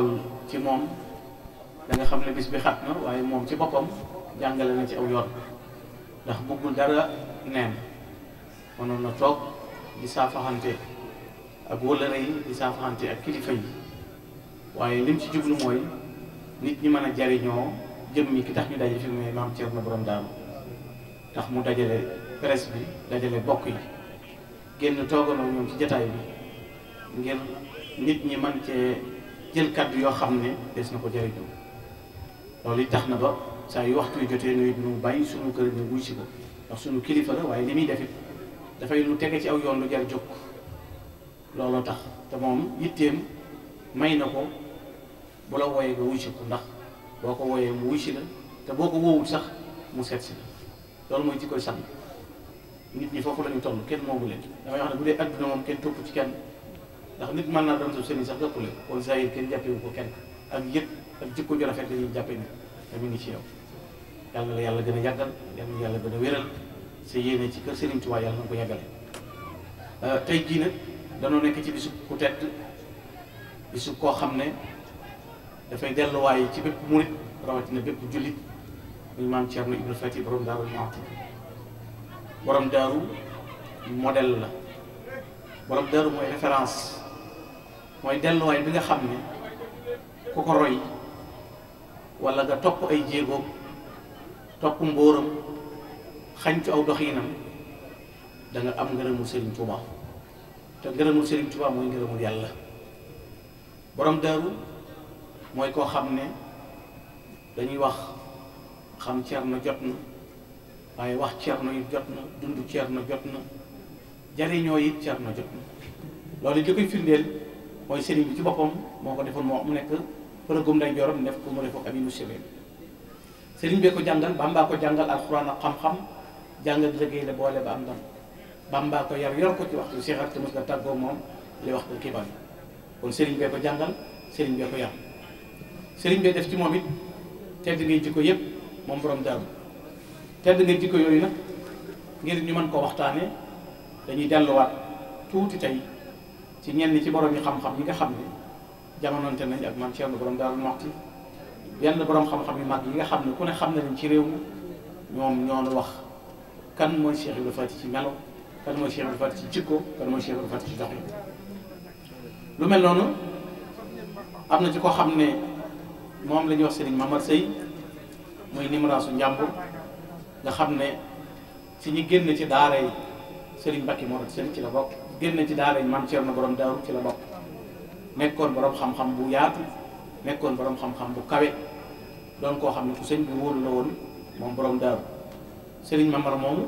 xool ci moom da nga xam ne bi xat na waaye moom ci boppam jàngale na ci aw yoon ndax bëggul dara neen mënoon na toog di saafaxante ak wëllëre yi di saafaxante ak kilifa yi waaye lim ci jublu mooy nit ñi mën a jariñoo jëm yi ki tax ñu daje fi muy maam Thierno Borom Daaru tax mu dajale presse bi dajale bokk yi génn toogaloo ñoom ci jataay bi ngir nit ñi man cee jël kàddu yoo xam ne des na ko jëriñoo loolu it tax na ba saa yi waxtu yu jotee nuyu nu bàyyi suñu kër ñu wuy ko ndax sunu kilifa la waaye li muy defit dafay lu tege ci aw yoon lu jar jóg looloo tax te moom yitteem may na ko bu la wooyee nga wuy ko ndax boo ko wooyee mu wuy la te boo ko woowul sax mu seet si la loolu mooy ci koy sàmm nit ñi foofu la ñu toll kenn moomu leen damay wax ne bu dee adduna moom kenn topp ci kenn. ndax nit mën naa doon sa sëriñ sax jàppale kon saa yi kenn jàppewu ko kenn ak yëg ak jikko ju rafet dañuy jàppe ni te mu ngi ci yow yàlla la yàlla gën a yàggal yàlla yàlla gën a wéral sa yéene ci kër Serigne Touba yàlla na ko yàggale euh, tey jii nag danoo nekk ci bisu ku tedd bisu koo xam ne dafay delluwaay ci bépp murit rawatina bépp jullit muy maam Thierno Ibnu Fati borom daaru Muxti borom daaru modèle la mooy référence mooy delluwaay bi nga xam ne ku ko roy wala nga topp ay jéegoom topp mbóoram xañcu aw doxiinam da nga am ngërëmul Serigne Touba te ngërëmul Serigne Touba mooy ngërëmul yàlla borom daaru mooy koo xam ne dañuy wax xam na jot na waaye wax Ceerno it jot na dund na jot na jariñoo it Ceerno jot na loolu li koy firndeel mooy sëriñ bi ci boppam moo ko defoon moo mu nekk përëgum nday jorom def ko mu def ko aminu sëriñ sëriñ bee ko jàngal bàmbaa ko jàngal alxuraan ak xam-xam jàngal liggéey la boole am ndam bàmbaa ko yar yor ko ci waxtu si xar te mos nga tàggoo moom li waxtu kibar sëriñ bee ko jàngal sëriñ bee ko yar sëriñ bee def ci moom it tedd ngay jikko yëpp moom borom daaru tedd ngay jikko yooyu nag ngir ñu mën ko waxtaane dañuy delluwaat tuuti tey ci ñenn ci borom yi xam-xam yi nga xam ne jamononte nañ ak maam Thierno borom daal moxti yenn borom xam-xam yu mag yi nga xam ne ku ne xam ne nañ ci réew mi ñoom ñoonu wax kan mooy Cheikh Ibrahima ci melo kan mooy Cheikh Ibrahima Fall ci jikko ci doxin lu mel noonu am na ci koo xam ne moom la ñuy wax Serigne Mamar Sey muy nimraasu njàmbur nga xam ne si ñu génn ci daara yi Serigne Mbacke moo doon Serigne ci la bokk. génn ci daara man Cerno borom daaru ci la bokk nekkoon borom xam-xam bu yaatu nekkoon boroom xam-xam bu kawe doon koo xam ne ku sëñ bi wóolu la woon moom boroom daaru sëriñ Mamar moom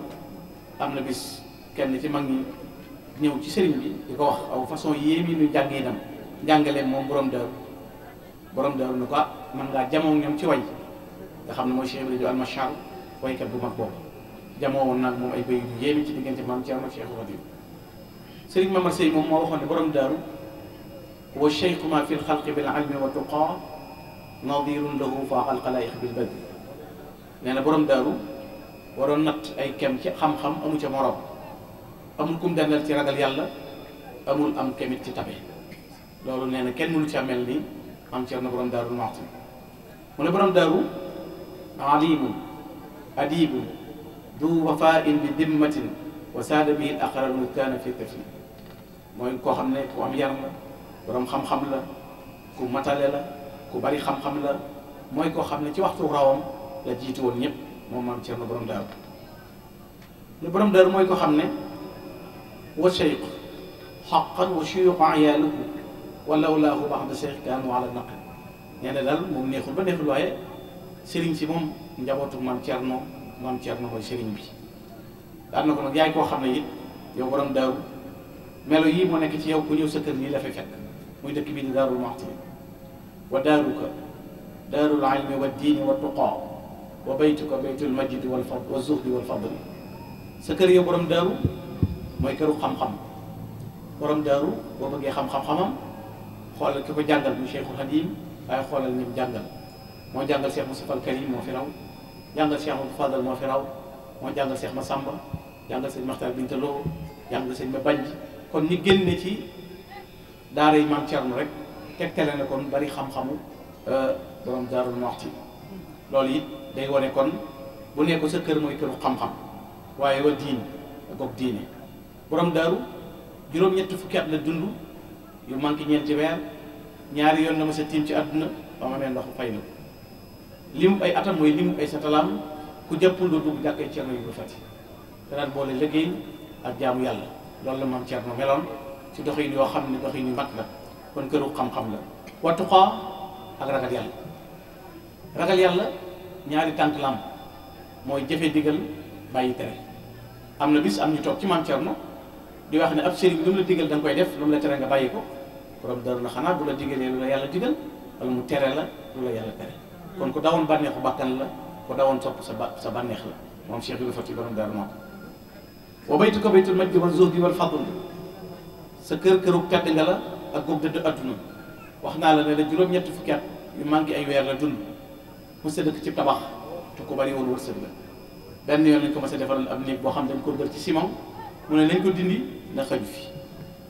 am na bis kenn ci mag ñi ñëw ci sëriñ bi di ko wax aw façon yéem yi ñu jàngee itam jàngaleem moom borom daaru borom daaru ni ko ah man ngaa jamoo ñoom ci wañ nga xam ne mooy Cheikh Ibrahima almachar waykat bu mag boobu jamoo woon nag moom ay béy yu yéemi ci diggante maam Cerno Cheikh sëriñ Mamar Sey moom moo waxoon ne borom daaru wa cheikhu ma fi lxalqi bil almi wa tuqa nadirun lahu fa alxalayiq bil badi nee na borom daaru waroon natt ay kem ci xam-xam amu ca morom amul kum dandal ci ragal yàlla amul am kemit ci tabe loolu nee na kenn mënu ca mel ni am ceer na borom daaru maxti mu ne borom daaru alimun adibun du wafain bi dimmatin wa saada bii aqral mu kaana fi kër yi mooy koo xam ne ku am yar la borom xam-xam la ku matale la ku bari xam-xam la mooy koo xam ne ci waxtu rawam la jiitu woon ñëpp moom maam Cerno borom daaru mooy koo xam ne wa seyq xaqan wa suyuqu ayaaluhu walaw na daal neexul ba neexul waaye sëriñ si moom njabootu maam Cerno maam Cerno mooy sëriñ bi daan na ko nag yaay koo xam ne it yow borom daaru melo yii moo nekk ci yow ku ñëw sa kër nii la fay fekk muy dëkk bii di daarul muxti wa daaruka daarul ilmi wa diini wa tuqaa wa baytuka baytul majdi wal fad wa zuhdi wal fadli sa kër yow borom daaru mooy këru xam-xam borom daaru boo bëggee xam-xam-xamam xoolal ki ko jàngal mu Cheikhul Xadim waaye xoolal ñim jàngal moo jàngal Cheikh Moustapha Al Karim moo fi raw jàngal Cheikh Abdou Fadal moo fi raw moo jàngal jàngal sëñ Maxtaar Binta Lo jàngal sëñ ma bañ kon ni génne ci daara yi maam Cerno rek tegtale na kon bari xam-xamu euh, borom Daarul ci loolu it day wane kon bu ne ko sa kër mooy këru xam-xam waaye wa diin goog diine borom daaru juróom-ñetti fukki at la dund yu man manqué ñeenti weer ñaari yoon na ma sa tiim ci àdduna ba ma amee ndox fay na lim ay atam mooy lim ay satalaam ku jàppul doo dugg jàkkee Cerno yu ba fati danañ boole liggéey ak jaamu yàlla loolu la maam Thierno meloon ci dox yoo xam ne doxin yu mat la kon këru xam-xam la wattu xaa ak ragal yàlla ñaari tànk lam mooy jëfe digal bàyyi tere na bis am ci maam Thierno di wax ne ab sëriñ lu mu la digal koy def lu la tere nga ko borom daru na yàlla digal wala mu tere la kon ku dawoon bànneexu bàkkan la ku dawoon sopp sa ba sa bànneex la moom Cheikh Ibrahima Fati borom daru moo ko wa baytuka baytul majdi wal zuhdi wal fadl sa kër këru tedd nga la ak góob dëdd àdduna wax naa la ne la juróom-ñetti fukki at yu manqué ay weer la dund mu a dëkk ci tabax te ko bari woon wërsëg la benn yoon lañ ko mës a defaral ab néeg boo xam ne dañ ko dër ci ciment mu ne lañ ko dindi na xaju fi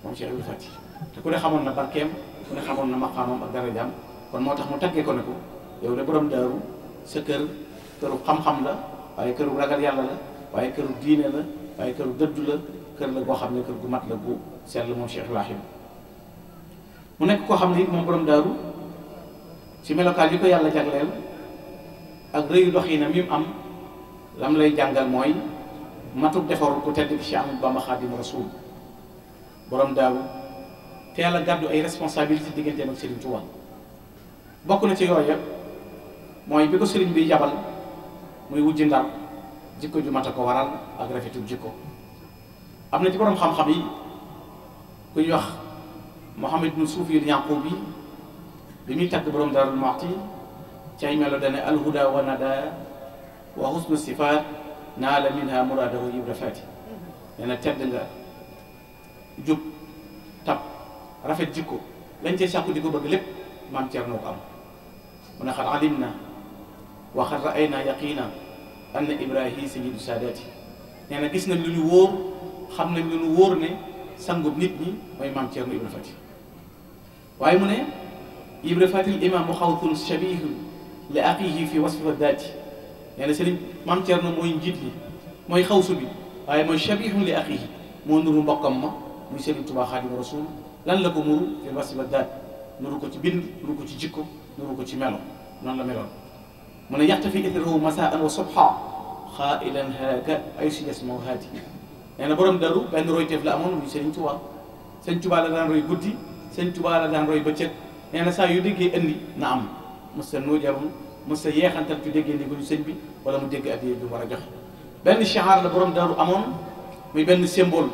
moom Cheikh Ibrahima Fati te ku ne xamoon na barkeem ku ne xamoon na maqaamam ak darajaam kon moo tax mu taggee ko ne ko yow de borom daaru sa kër këru la waaye këru ragal yàlla la waaye këru diine la waaye kër dëddu la kër la goo xam ne kër gu mat la gu sell moom Cheikh Ibrahim mu nekk koo xam ne it moom borom daaru ci melokaan yi ko yàlla jagleel ak rëyu doxina mi am lam lay jàngal mooy matuk defaru ku tedd ci Ahmadu Bamba Xaadimu Rasuul borom daaru teel a gàddu ay responsabilité digganteem ak Serigne Touba bokk na ci yooyu yëpp mooy bi ko Serigne bi yabal muy wujj Ndar jikko ju mat ko waral ak rafetu jikko am na ci borom xam-xam yi ku ñuy wax Muhammad ibn Suufi al-Yaqubi bi takk tagg borom Daaru Muxti ci ay melo dane alhuda wa nada wa husnu sifaat naala minha muraadahu yibra faati nee na tedd nga jub tab rafet jikko lañ cee sàkku di ko bëgg lépp maam Ceerno ko am mu ne xat alim na wa xat ra'ay na yaqiina an na ibrahim sayyidu saadaati nee na gis nañ lu ñu wóor xam nañ lu ñu wóor ne sangub nit ñi mooy maam Thierno Ibra Fati waaye mu ne Ibra Fatil imaamu xawtun shabihu li na sëriñ maam Thierno mooy njiit li mooy xawsu bi waaye mooy shabihu li aqihi moo nuru mbokkam ma muy sëriñ Tuubaa Xaadimu Rasuul lan la ko muru fi wasfi daati nuru ko ci bind nuru ko ci jikko nuru ci melo noonu la meloon mu ne yaxta fi ithrahu masaan wa subha xaailan haaka ay si des moo haati nee borom daru benn royteef la amoon muy Sëriñ Tuubaa Sëriñ Tuubaa la daan roy guddi Sëriñ Tuubaa la daan roy bëccëg nee na saa yu déggee indi na am mos sa nuujarum mu sa yeexantal ci déggee ndigalu sëñ bi wala mu dégg addiyee bi mu war a joxe benn chihaar la borom daru amoon muy benn symbole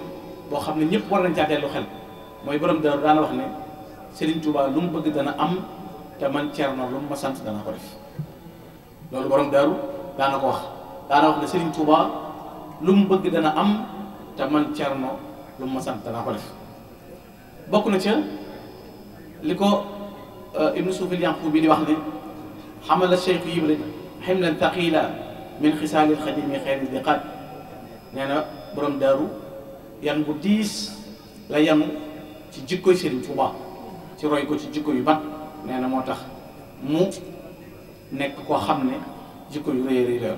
boo xam ne ñëpp war nañ caa dellu xel mooy borom daru daana wax ne Sëriñ Tuubaa lu mu bëgg dana am te man Ceerno lu mu ma dana loolu borom daaru daana ko wax daana wax ne Serigne Touba lu mu bëgg dana am te man Thierno lu mu ma sant def bokk na ca li ko euh, Ibnu Soufil Yanqu bi di wax ne xamala Cheikh Ibra ximlan taqila min xisaalil xadimi xeeri diqaat nee na borom daaru yan bu diis la yanu ci jikkoy Serigne Touba ci roy ko ci jikko yu bat nee na moo tax mu nekk koo xam ne jikko yu rëy rëy la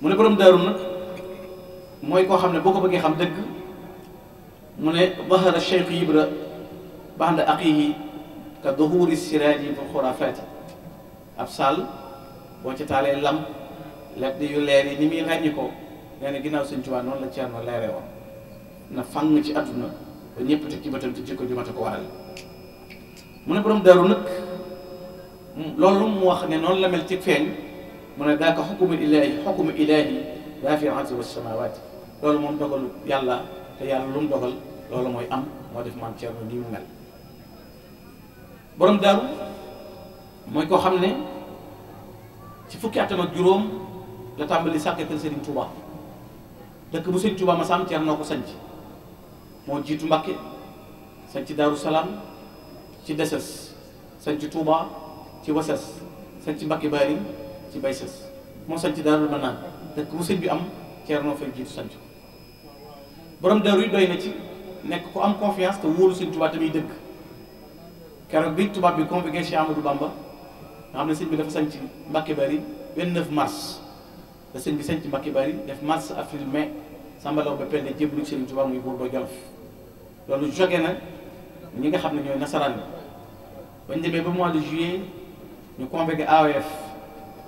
mu ne borom daaru nag mooy koo xam ne boo ko bëggee xam dëgg mu ne bahara cheikh yibra baxnda aqihi ka duhuri siraaji ba xuraafaati ab sàll boo ci taalee lam leb di yu leer muy ràññi ko nee na ginnaaw sëñ Tuubaa leere woon na fang ci àdduna ba ci bëtam te jikko borom daaru nag loolu mu wax ne noonu la mel ci feeñ mu ne daaka xukumu ilaahi xukumu ilaahi daa fi ardi wa loolu moom dogalu yàlla te yàlla lu dogal loolu mooy am moo def maam bu nii mu mel borom daaru mooy koo xam ne ci fukki atam ak juróom la tàmbali sàkketal Serigne Touba dëkk bu Serigne Touba ma sàmm noo ko sanc moo jiitu Mbàkke sanc Daaru Salaam ci deses sanc Touba ci wasas sañ ci mbakki baari ci bay sës moo sañ ci daarul manaan dëkk ko sëñ bi am ceernoo fay jiitu sañ ko borom daaru yi doy na ci nekk ko am confiance te wóolu sëñ Tuubaa tamit dëgg keroog bi tubaab bi convoqué Cheikh Amadou Bamba nga xam ne sëñ bi dafa sañc ci mbakki baari 29 mars da sëñ bi sañ ci mbakki baari def mars avril mai sambalaw ba pelle jébbalu sëñ Tuubaa muy buur ba Jolof loolu jóge na ñi nga xam ne ñooy nasaraan bañ demee ba mois de juillet ñu convoqué AOF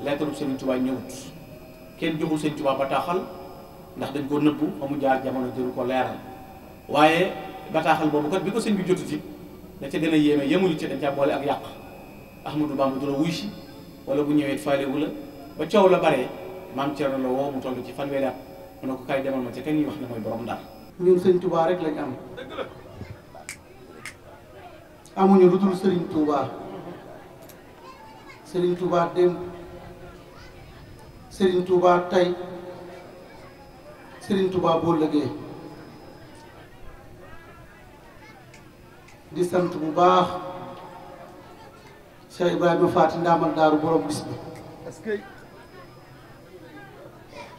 lettre bu Serigne Touba ñëwut kenn joxul Serigne Touba bataaxal ndax dañ ko nëbbu ba mu jaar jamono jëru ko leeral waaye bataaxal boobu kat bi ko sëñ bi jotuti da ca gën a yéeme yemuñu ci dañ caa boole ak yàq Ahmadou Bamba du la wuy si wala bu ñëwee faale ba coow la bare maam Thierno la woo mu toll ci fanweeri at mu ne ko kay demal ma ca kañ ñuy wax ne mooy borom ndar. ñun sëñ tubaa rek lañ am. amuñu lu dul Serigne Touba. Serigne Touba démb Serigne Touba tey Serigne Touba boo lëggee di sant bu baax Cheikh Ibrahima Faty ndaamal daaru borom bis bi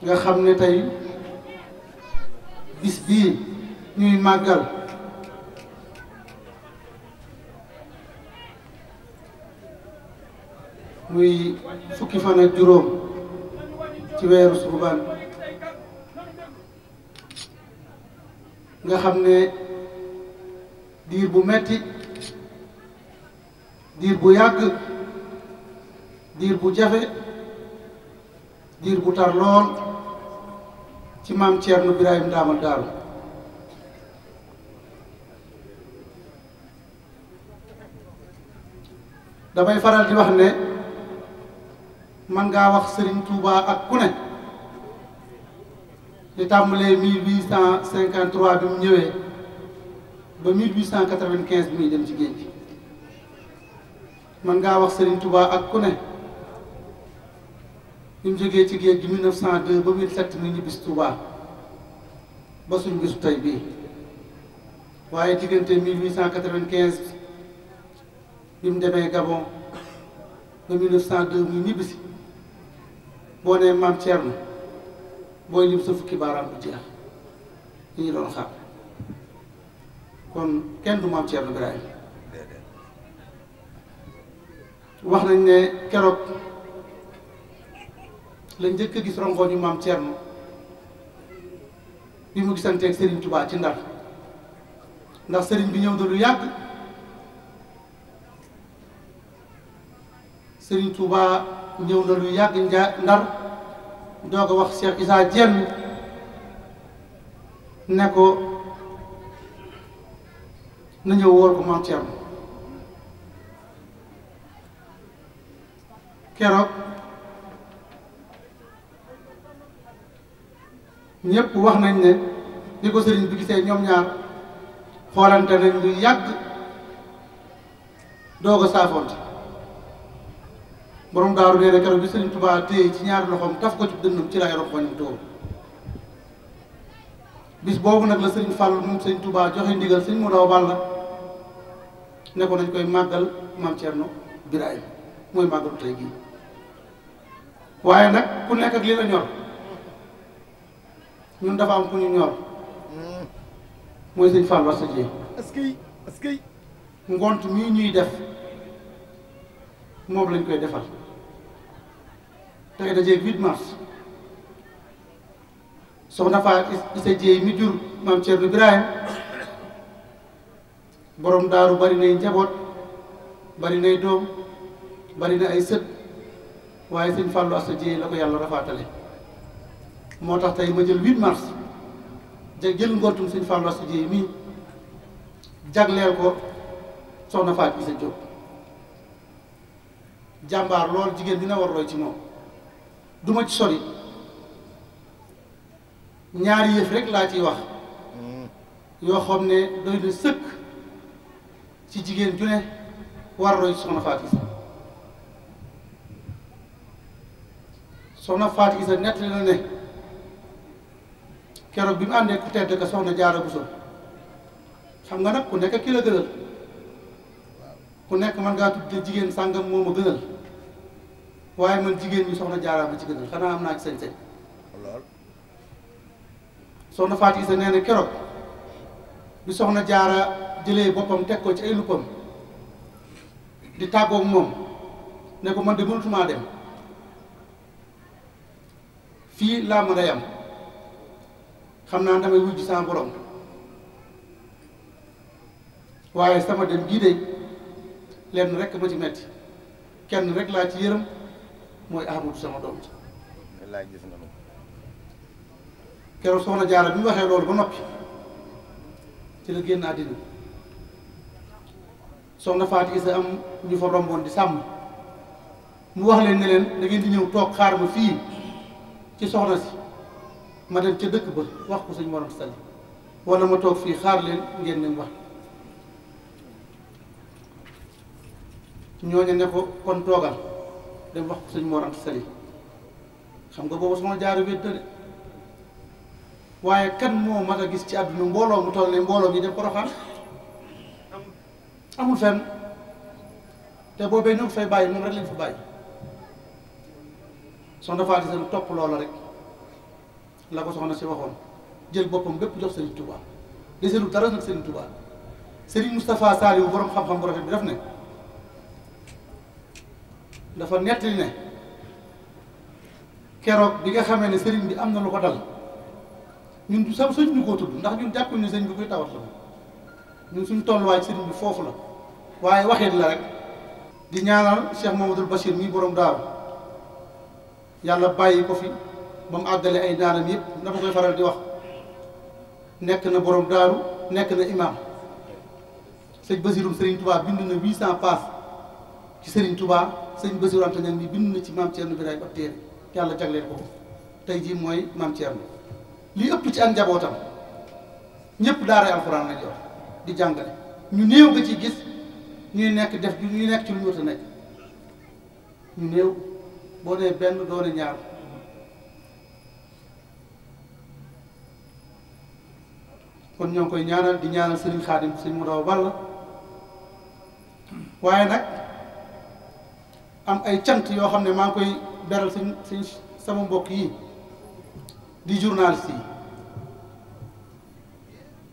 nga xam ne tey bis bii ñuy màggal muy fukki fan ak juróom ci weeru Suuban nga xam ne diir bu metti diir bu yàgg diir bu jafe diir bu tar ci maam Thierno biraahim Daamal Daal damay faral di wax ne man ngaa wax Serigne Touba ak ku ne di tàmbalee lee huit cent cinquante trois bi mu ñëwee ba mille huit cent quatre vingt quinze bi muy dem ci géej gi man ngaa wax Serigne Touba ak ku ne bi mu jógee ci géej gi mille neuf cent deux ba mille sept mu ñibbis Touba ba suñu bisu tey bii waaye diggante mille huit cent quatre vingt quinze bi mu demee Gabon ba mille neuf cent deux mu ñibbisi boo nee maam Thierno booy lim sa fukki baaraam bu jeex li ñu doon xam kon kenn du maam Thierno Birahim wax nañ ne keroog lañ njëkk a gis rongoon yu maam Thierno bi mu gisanteeg Serigne Touba ci Ndar ndax sëriñ bi ñëw na lu yàgg Serigne Touba. ñëw na lu yàgg nja ndar doo ko wax Cheikh Issa Diène ne ko na ñëw wóor ko maam Thierno keroog ñëpp wax nañ ne ni ko sëriñ bi gisee ñoom ñaar xoolante nañ lu yàgg doo ko saafoonte borom daaru nee na keroog bi Sëriñ tubaa téye ci ñaar loxoom taf ko ci dënnam ci lay rongoñam tóor bis boobu nag la Sëriñ fàll moom Sëriñ Tuubaa joxe ndigal Sëriñ mu daw balla ne ko nañ koy màggal maam Cerno Biraay mooy màggalu tey gii waaye nag ku nekk ak li la ñor ñun dafa am ku ñu ñor mooy Sëriñ Fàllu Asta Dieng est-ce que est-ce ngont mii ñuy def moom lañ koy defal tey dajee 8 mars soxna Faat Isa Jéey mi jur maam Thierno Ibrahim borom daaru bari nay njaboot bari nay doom bari na ay sët waaye sëñ Fallou Asta Jéey la ko yàlla rafaatale moo tax tey ma jël 8 mars ja jël ngootum sëñ Fallou Asta Jéey mii jagleel ko soxna Faat Isa Jóob jàmbaar lool jigéen dina war roy ci moom duma ma ci sori ñaari yëf rek laa ciy wax yoo xam ne doy na sëkk ci jigéen ju ne war roy soxna Fatou Issa soxna na ne keroog bi mu àndee ku tedd ko soxna Jaara Buso xam nga nag ku nekk ki la gënal ku nekk man ngaa tudd jigéen sàngam moo ma gënal waaye man jigéen ñi soxna jaaraa ma ci gënal xanaa am naa ci sañ-sañ soxna Fatou Issa nee na keroog bi soxna jaara jële boppam teg ko ci ay luppam di tàggoog moom ne ko man de mënatumaa dem fii laa mën a yam xam naa damay wujj sama borom waaye sama dem gii de lenn rek ma ci metti kenn rek laa ci yërëm mooy Ahmadu sama doom ci wallaay gis soxna Jaara bi mu waxee loolu ba noppi ci la génn àddina soxna Faati Isa am ñu fa romboon di sàmm mu wax leen ne leen da ngeen di ñëw toog xaar ma fii ci soxna si ma dem ca dëkk ba wax ko suñ morom sali wala ma toog fii xaar leen ngeen leen wax ñooñu ne ko kon toogal dem wax ko sëñ Mor Anta xam nga boobu sama jaaru wéet na de waaye kan moo mas a gis ci àdduna mbooloo mu toll ne mbooloo gi dem Porokhane amul fenn te boobee ñoo fay bàyyi moom rek lañ fa bàyyi soxna Fatou Seye topp loola rek la ko soxna si waxoon jël boppam bépp jox Serigne Touba deseetul dara nag Serigne Touba Serigne Moustapha Saliou borom xam-xam bu rafet bi def ne. dafa nettali ne keroog bi nga xamee ne sëriñ bi am na lu ko dal ñun sam sëñ ñu koo tudd ndax ñun jàppuñu ne sëñ bi koy tawat la ñun suñ tolluwaay sëriñ bi foofu la waaye waxit la rek di ñaanal Cheikh Mamadou Bachir mii borom daaru yàlla bàyyi ko fi ba mu àggale ay naanam yëpp dafa koy faral di wax nekk na borom daaru nekk na imaam sëñ Basirum sëriñ Touba bind na huit cent pass ci Serigne tubaa sëñ Basiru Anta Ñaŋ mi bind na ci maam Thierno Birahim ab téere yàlla jagleel ko tey jii mooy maam Thierno li ëpp ci am njabootam ñëpp daaray alxuraan lañ yor di jàngale ñu néew nga ci gis ñuy nekk def ñuy nekk ci lu ñu war a nekk ñu néew boo nee benn doone ñaar kon ñoo koy ñaanal di ñaanal sëriñ Xaadim sëñ mu daw walla waaye nag am ay cant yoo xam ne maa ngi koy beral suñ suñ sama mbokk yi di journaliste yi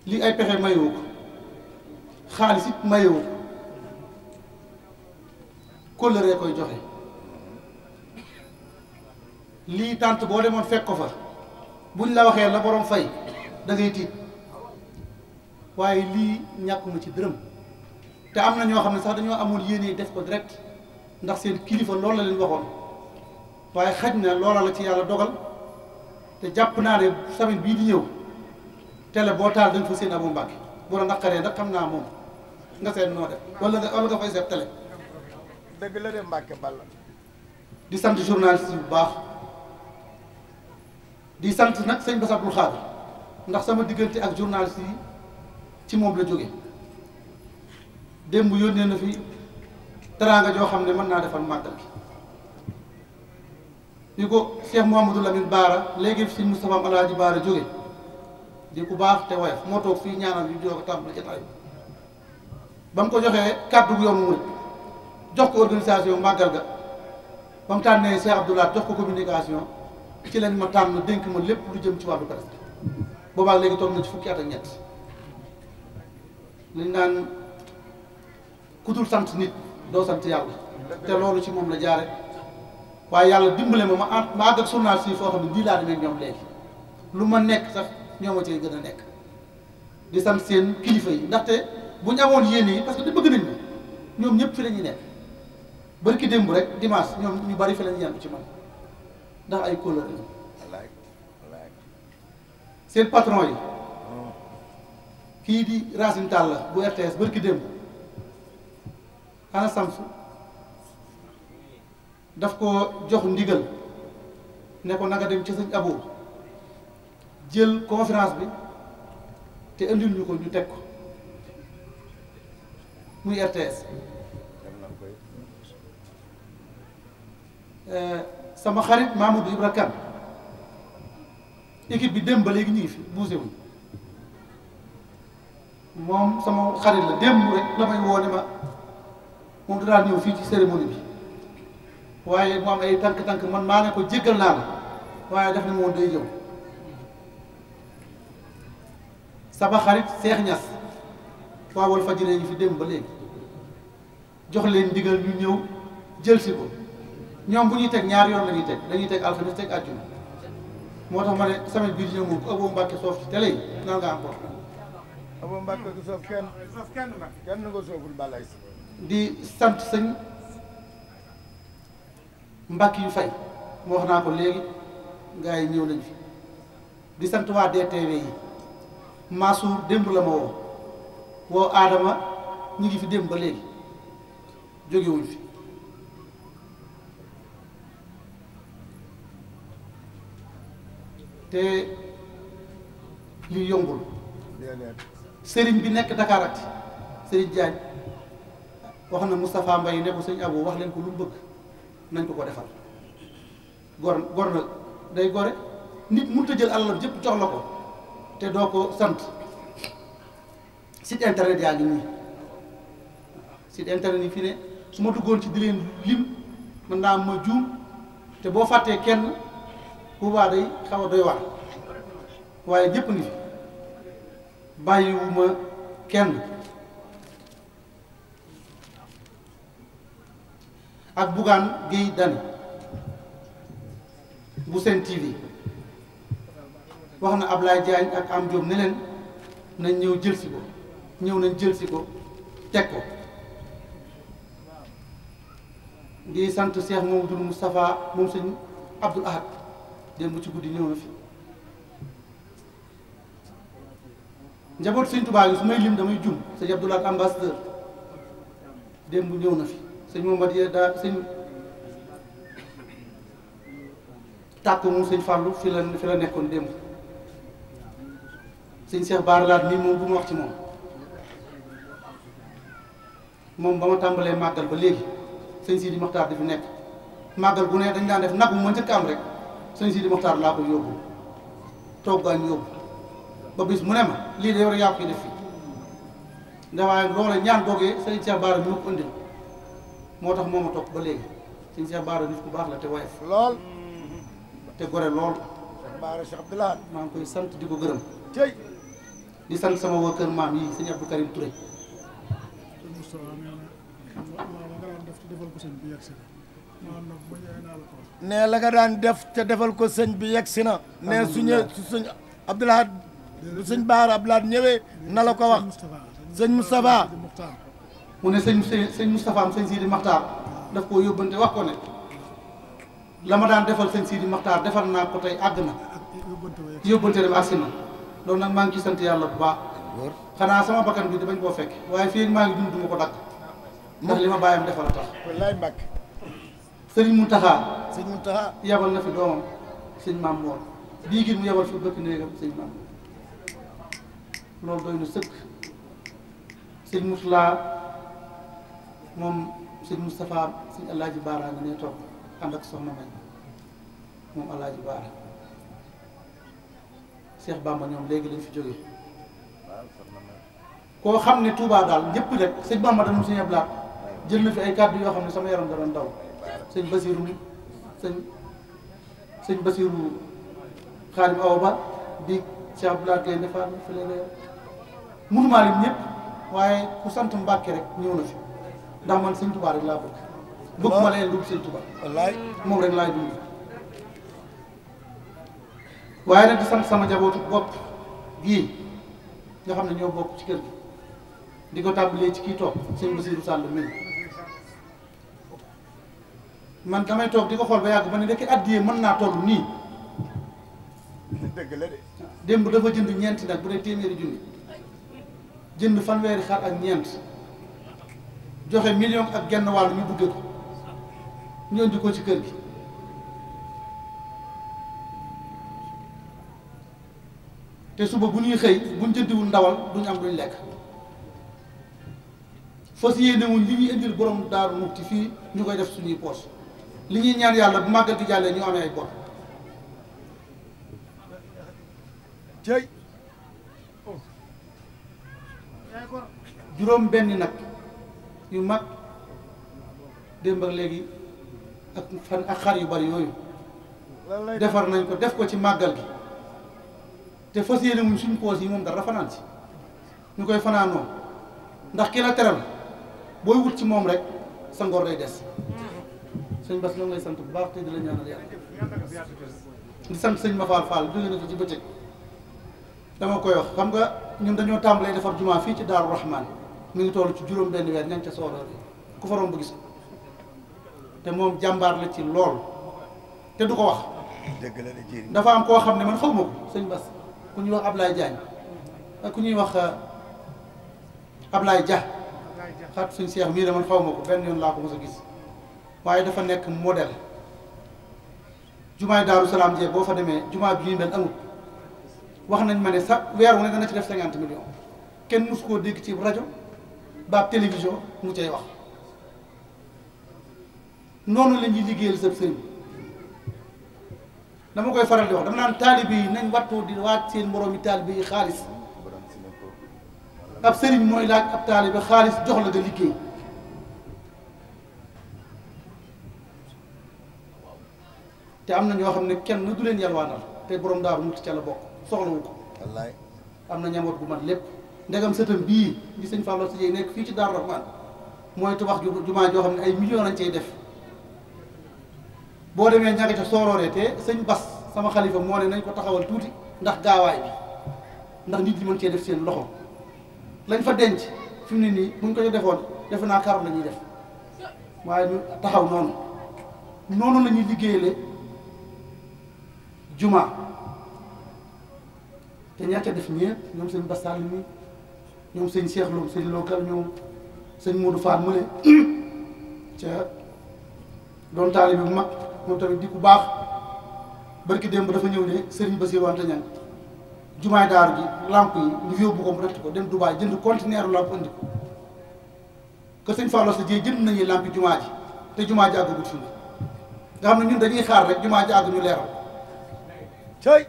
lii ay pexe mayewu ko xaalis it mayewu ko koy joxe lii tànt boo demoon fekk ko fa buñ la waxee la borom fay dangay ngay tiit waaye lii ñàkkuma ci dërëm te am na ñoo xam ne sax dañoo amul yéene def ko direct ndax seen kilifa loolu la leen waxoon waaye xaj na loola la ci yàlla dogal te jàpp naa ne semaine bii di ñëw tele boo taal dañ fa seen Abou Mbacké bu la naqaree ndax xam naa moom nga seet noo def walla nga wala nga fay seet télé. di sant journaliste bu baax di sant nag sëñ Bass Abdou ndax sama diggante ak journaliste yi ci moom la jóge démb yónnee na fi. teraanga joo xam ne mën naa defal màggal bi ko Cheikh Mouhamadou Lamine Baara léegi sëñ Moustapha Alaaji Baara jóge di ku baax te woyof moo toog fii ñaanal yu joo ko tàmbali jataay ba mu ko joxee kàddu gu yoonu murit jox ko organisation màggal ga ba mu tànnee Cheikh Abdoulaye jox ko communication ci lañ ma tànn dénk ma lépp du jëm ci wàllu presse boobaa léegi toog na ci fukki at ak ñett liñ naan ku sant nit doo sant yàlla te loolu ci moom la jaare waaye yàlla dimbale ma ma ànd ma àgg ak journaliste yi foo xam ne nii laa demee ñoom léegi lu ma nekk sax ñoo ma gën a nekk di sant seen kilifa yi ndaxte bu ñu amoon yéene yi parce que di bëgg nañ ma ñoom ñëpp fi la ñuy nekk ki démb rek dimanche ñoom ñu bari fi la ñuy yàndu ci man ndax ay couleur la seen patron yi oh. kii di Racine la bu RTS ki démb ana samsu daf ko jox ndigal ne ko nanga dem ci sëñ abo jël conférence bi te indil ñu ko ñu teg ko muy RTS euh, sama xarit Mamadou Ibra Kane équipe bi démb ba léegi ñu ngi fi bougé wuñ moom sama xarit la démb rek la may woo ne ma moom dinaa ñëw fii ci cérémonie bi waaye mu am ay tànk-tànk man maa ne ko jéggal naa la waaye daf ne moom day ñëw sama xarit Seex Ñas waa Walfadjri ñu fi dem ba léegi jox leen ndigal ñu ñëw jël si ko ñoom bu ñuy teg ñaar yoon la ñuy teg dañuy teg alxames teg àjjuma moo tax ma ne semaine bii di ñëw moom ku Abo Mbàkke soof ci télé yi nan nga am ko Abo Mbàkke di sant sëñ mbàkk yu fay mu wax naa ko léegi gars yi ñëw nañu fi di sant waa DTV yi Mansour démb la ma woo woo Adama ñu ngi fi démb ba léegi jógewuñ fi te yu yombul sëriñ bi nekk Dakaractu sëy Diagne wax na Moustapha Mbaye ne ko sëñ wax leen ko lu mu bëgg nañ ko ko defal gor gor na day gore nit mënut a jël alalam jëpp jox la ko te doo ko sant site internet yaa ngi nii site internet yi fi ne su ma duggoon ci di leen lim mën naa ma juum te boo fàttee kenn boobaa day xaw a doy waar waaye jëpp ni bàyyiwuma kenn ak Bougane Gueye Dany bu seen TV wax na Ablaye jaañ ak am Diop ne leen nañ ñëw jël si ko ñëw nañ jël si ko teg ko di sant Cheikh Mamadou Moustapha moom sëñ Abdoul Ahad démb ci guddi ñëw na fi njaboot sëñ Tuubaa yi su may lim damay jum sëñ Abdoul Ahad ambassadeur démb ñëw na fi sëñ Mamadu yee daa sëñ tàkk mu sëñ Fallou fi la fi la nekkoon démb sëñ Cheikh Bara Laat moom bu mu wax ci moom moom ba ma tàmbalee màggal ba léegi sëñ Sidi Moxtaar di fi nekk màggal bu ne dañ daan def nagu ma njëkk am rek sëñ Sidi Moxtaar laa ko yóbbu toggaañ yóbbu ba bis mu ne ma lii de war a yàpp ki def fi ndax waaye ñaan boogee sëñ Cheikh Bara mi ma ko moo tax moom ma toog ba léegi suñu Cheikh Baara nit ku baax la te woyof lool mm-hmm. te gore lool Cheikh Baara Cheikh Abdoulaye koy sant di ko gërëm tey di sant sama waa kër maam yi sëñ Abdou Karim Touré la nga daan def ca defal ko sëñ bi yegg si na ne su ñëw su sëñ Abdoulaye sëñ Baara ñëwee na la ko wax sëñ Moustapha mu ne sëñ sëñ Moustapha am sii Sidi Maxtaar daf koo yóbbante wax ko ne la ma daan defal sëñ di Maxtaar defal naa ko tey àgg na yóbbante rek àgsi na nag maa ngi ci sant yàlla bu baax xanaa sama bakkan bi dabañ koo fekk waaye fii maa ngi dund duma ko dagg li ma bàyyam defal a tax wallaay mbàkk sëriñ Muntaxa sëriñ Muntaxa yabal na fi doomam sëñ maam moor bii gi mu yabal fi bëkk néegam sëñ maam loolu doy na sëkk sëñ Murtala moom sëñ Moustapha sëñ Alaaji Baara nga ne toog ànd ak soxna May moom Alaaji Baara Cheikh Bamba ñoom léegi lañ fi jógee koo xam ne Touba daal ñëpp rek sëñ Bamba dañu sëñ Ablaat jël na fi ay kàddu yoo xam ne sama yaram da doon daw sëñ Basiru sëñ xaalim awa ba di Cheikh Ablaat Gaynde Fatma fi la leer mënumaa lim ñëpp waaye ku sant Mbàkke rek ñëw na fi ndax man sëñ Tuubaa rek laa bëgg. bëgg ma leen dugg sëñ Tuubaa. wallaay moom rek laa dund. waaye nag di sant sama jabootu bopp gii nga xam ne ñoo bokk ci kër gi di ko tàmbalee ci kii toog sëñ Basiiru Sàll mel man damay toog di ko xool ba yàgg ba ne ndekki addiyee mën naa toll nii. dëgg la démb dafa jënd ñeenti nag bu dee téeméeri junni jënd fanweeri xar ak ñeent. joxe million ak genn wàll ñu dugge ko ñu indi ko ci kër gi te suba bu ñuy xëy buñ jëndiwul ndawal duñ am luñ lekk fas yéene wuñ li ñuy indil borom daaru mukti fii ñu koy def suñuy poos li ñuy ñaan yàlla bu màggal di jàllee ñu amee ay bor juróom benn nag yu mag démb ak léegi ak fan ak xar yu bari yooyu defar nañ ko def ko ci màggal gi te fas yéene moom suñ poos yi moom dara fanaan si ñu koy fanaanoo ndax ki teral booy wut ci moom rek sa ngor day des sëñ Bass ñoo ngay sant bu baax te di la ñaanal yàlla di sant sëñ Mafal Fall jóge na ko ci bëccëg dama koy wax xam nga ñun dañoo tàmbalee defar jumaa fii ci Daaru Rahman mi ngi toll ci juróom benn weer ña nga ca sooraale ku fa romb gis te moom jàmbaar la ci lool te du ko wax. dafa am koo xam ne man xaw ma ko sëñ Bas ku ñuy wax Ablaye Diagne ak ku ñuy wax euh, Ablaye Dia xat suñ seex mii de man xaw ma ko benn yoon laa ko mos a gis waaye dafa nekk modèle jumaa Daaru Salaam jee boo fa demee jumaa bi ñuy mel amul wax nañ ma ne sax weer wu ne dana ci def cinquante millions kenn mosu koo dégg ci rajo. baab télévision mu cay wax noonu lañuy ñuy liggéeyal sa sëriñ dama koy faral di wax dama naan taalibe yi nañ wattu di waat seen moroomi taalibe yi xaalis ab sëriñ mooy laaj ab taalibe xaalis jox la nga liggéey te am na ñoo xam ne kenn du leen yalwaanal te borom daaru muti ca la bokk soxlawu ko am na ñamoot bu mat lépp ndegam sëtam bii di sëñ Fallou Seye nekk fii ci Darou Rahman mooy tabax jumaa joo xam ne ay millions lañ cay def boo demee ñàkk ca soorooree te sëñ Bas sama xalifa moo ne nañ ko taxawal tuuti ndax gaawaay bi ndax nit ñi mën cee def seen loxo lañ fa denc fi mu ne nii buñ ko defoon defe naa karam la ñuy def waaye ñu taxaw noonu noonu la ñuy liggéeyale jumaa te ñàkk ca def ñëpp ñoom sëñ Bas Sall mi ñoom sëñ Cheikh Lo sëñ Lokal ñoom sëñ Modou Fall mu ne ca doon taalibe bu mag moom tamit di ku baax barki démb dafa ñëw ne sëriñ Bassirou Anta jumaa jumaay daaru ji lamp yi ñu yóbbu ko mu rett ko dem Dubaay jënd conteneur lamp indi ko que sëñ Fallou sa jee jënd nañuy lampi jumaa ji te jumaa ji àggagul fii nga xam ne ñun dañuy xaar rek jumaa ji àgg ñu leeral. cay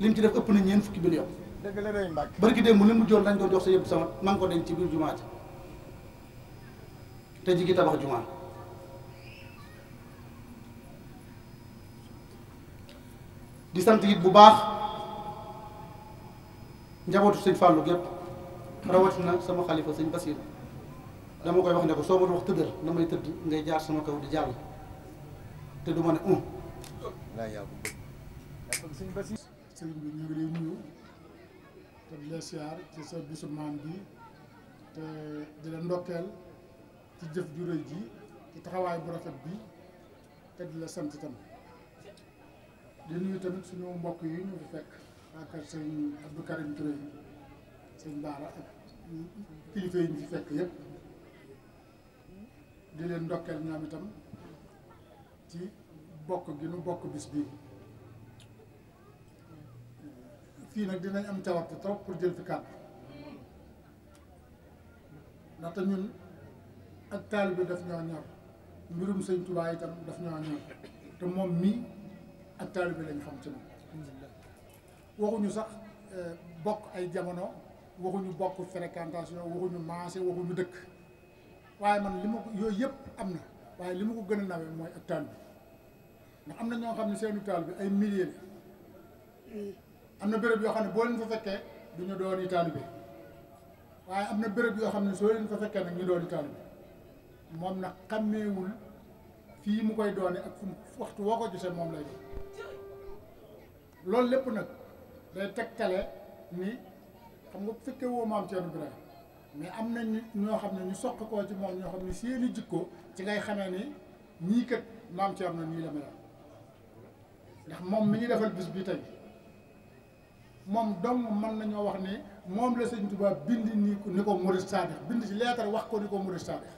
li ci def ëpp nañ ñeent fukki million dëgg la day mbàkk barki démb li mu joon dañ ko jox sa yëpp sama maa ngi ko denc ci biir jumaa ci te jigi tabax jumaa di sant it bu baax njabootu sëñ Fallou gépp rawatina sama xalifa sëñ Basiir dama koy wax ne ko soo ma wax tëddal damay tëdd ngay jaar sama kaw di jàll te du ma ne um. te di la siyaar ci sa bisu maam bi te di la ndokkeel ci jëf ju rëy ji ci taxawaay bu rafet bi te di la sant tam di nuyu tamit suñu mbokk yi ñu fi fekk ak sëñ Abdou Karim Touré sëñ Baara ak kilifa yi ñu fi fekk yépp di leen ndokkeel ñoom itam ci bokk gi nu bokk bis bii fii nag dinañ am cawarte trop pour jël fi kàddu ndaxte ñun ak taalibe daf ñoo ñor mbirum sëñ Tuubaa itam daf ñoo ñor te moom mii ak taalibe lañ xam ci moom waxuñu sax euh, bokk ay jamono waxuñu bokk fréquentation waxuñu maase waxuñu dëkk waaye man li ma ko yooyu yëpp am na waaye li ma ko gën a nawee mooy ak taalibe ndax am na ñoo xam ne seenu taalibe ay milliers am na béréb yoo xam ne boo leen fa fekkee du ñu doon i taalibe waaye am na béréb yoo xam ne soo leen fa fekkee nag ñu doon i taalibe moom nag xàmmeewul fii mu koy doone ak fu waxtu woo ko gisee moom lay doon loolu lépp nag day tegtale ni xam nga bu fekkee woo maam Thierno Birahim mais am na ñu ñoo xam ne ñu soq koo ci moom ñoo xam ne seeni jikko ci ngay xamee ni ñii kat maam Thierno nii la mel ndax moom mi ñu defal bis bi tey moom dong mën nañoo wax ne moom la sëñ tubaab bind ni ni ko murid saadix bind ci wax ko ni ko murid saadix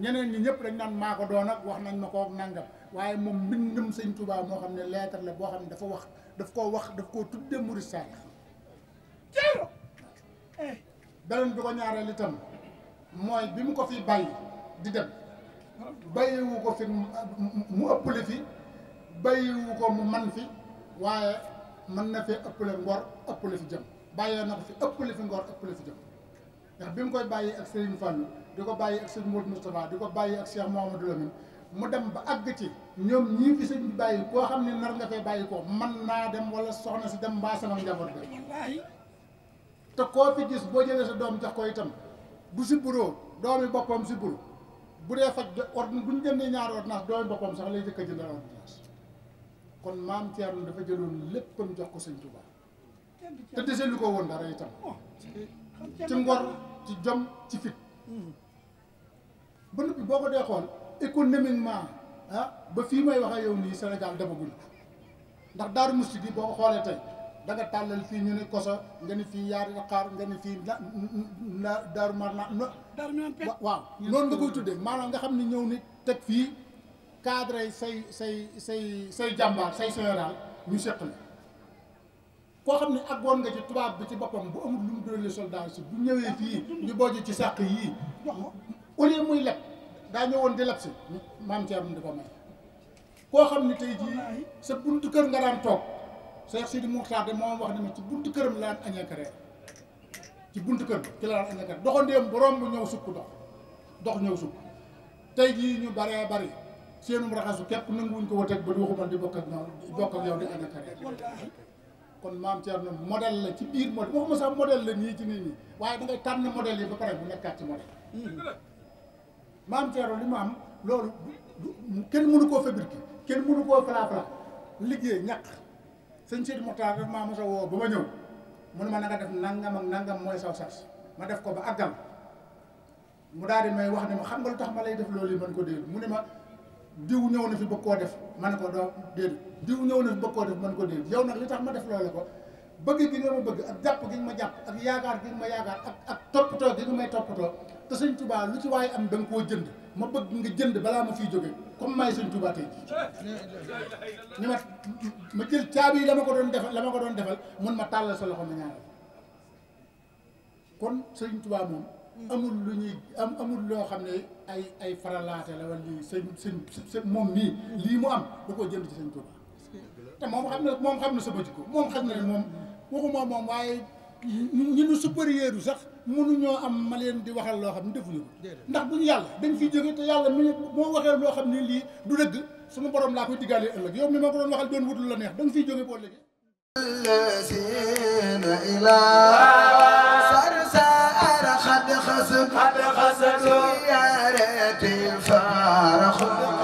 ñëpp dañ naan maa ko wax nañ ma ko nangam waaye moom mbindum sëñ moo xam ne leetar la boo xam ne dafa wax daf koo wax daf koo tudde murid saadix eh. beneen bi ko ko fi bàyyi di dem bàyyiwu ko mu ëpp li fi bàyyiwu ko mu man fi waaye mën na fee ëppale ngor ëppale fi jëm bàyyee na ko fi ëppale fi ngor ëppale fi jëm ndax bi mu koy bàyyi ak Serigne fànn di ko bàyyi ak Serigne Modou Moustapha di ko bàyyi ak Cheikh Mouhamadou Lamine mu dem ba àgg ci ñoom ñii fi sëñ bàyyi koo xam ne nar nga fee bàyyi koo man naa dem wala soxna si dem mbaa sama njaboot bi te koo fi gis boo jëlee sa doom jox ko itam bu du sibburoo doomi boppam sibburu bu dee faj ordre bu ñu ne ñaari ordonnance doomi boppam sax lay jëkk a jëndal ordonnance kon maam Thierno dafa jëloon léppam jox ko sëñ Touba te dese lu ko woon dara itam oh. ci ngor ci jom ci fit hmm. ba noppi boo ko dee xool économiquement ah ba fii may wax yow nii Sénégal demagul ndax daaru musti gi boo ko xoolee tey da nga tàllal fii ñu ne koso nga ni fii yaari xaar nga ni fii la daaru mar na waaw noonu nga koy tuddee maanaam nga xam ne ñëw ni teg fii cadre yi say say say say jàmbaar say général ñu seq la koo xam ne ak woon nga ci tubaab bi ci boppam bu amul lu mu doon soldat si bu ñëwee fii ñu bojj ci sàq yii au lieu muy leb daa ñëwoon di leb si maam Thierno di ko may koo xam ne tey jii sa buntu kër nga daan toog Cheikh Sidi Mourtada moom wax ne ma ci buntu kër la daan añee kare ci buntu kër ci la daan añee kare doxandeem bu ñëw sukk dox dox ñëw sukk tey jii ñu baree bari seenum raxasu képp nanguwuñ ko wateeg ba di waxuman di bokk ak ñoom di bokk ak yow di ànd ak kon maam Thierno ci biir modèle waxuma sax modèle la nii ci nit ñi waaye da ba pare bu maam Thierno li mu am loolu kenn mënu koo fabriquer kenn mënu koo falaa liggéey ñàq sëñ Sidi Moxtaar daf maa mos a ba ma ñëw mu ne ma def nangam ak mooy saw sas ma def ko ba àggal mu daal di may wax ne ma xam nga lu tax ma lay def loolu yi mën ko déglu mu ne ma diw ñëw na fi bëgg koo def ma ne ko doo déedéet diw ñëw na fi bëgg koo def ma ne ko déedéet yow nag li tax ma def loolu ko bëgg gi nga ma bëgg ak jàpp gi nga ma jàpp ak yaakaar gi ma yaakaar ak ak toppatoo may toppatoo te sëñ Tuubaa lu ci waaye am da koo jënd ma bëgg nga jënd balaa ma fiy jóge comme maay sëñ Tuubaa tey ni ma ma jël caabi yi la ma ko doon defal la ko doon defal mun ma tàllal sa loxo ma ñaanal kon sëñ Tuubaa moom amul lu ñuy am amul loo xam ne ay ay faralaate la wala lii seen sëñ moom mii lii mu am da koo jënd ci sëñ Tuuba te moom xam na moom xam sa sama jikko moom xam na ne moom waxuma moom waaye ñi ñu supérieur yu sax mënuñoo am ma leen di waxal loo xam ne defuñu ko ndax bu ñu yàlla dañ fiy jóge te yàlla mu moo waxee loo xam ne lii du dëgg sunu borom laa koy diggaale ëllëg yow mi ma ko doon waxal doon wutul la neex da nga fiy jóge boo léegi خسب قد خسب يا ريت الفارق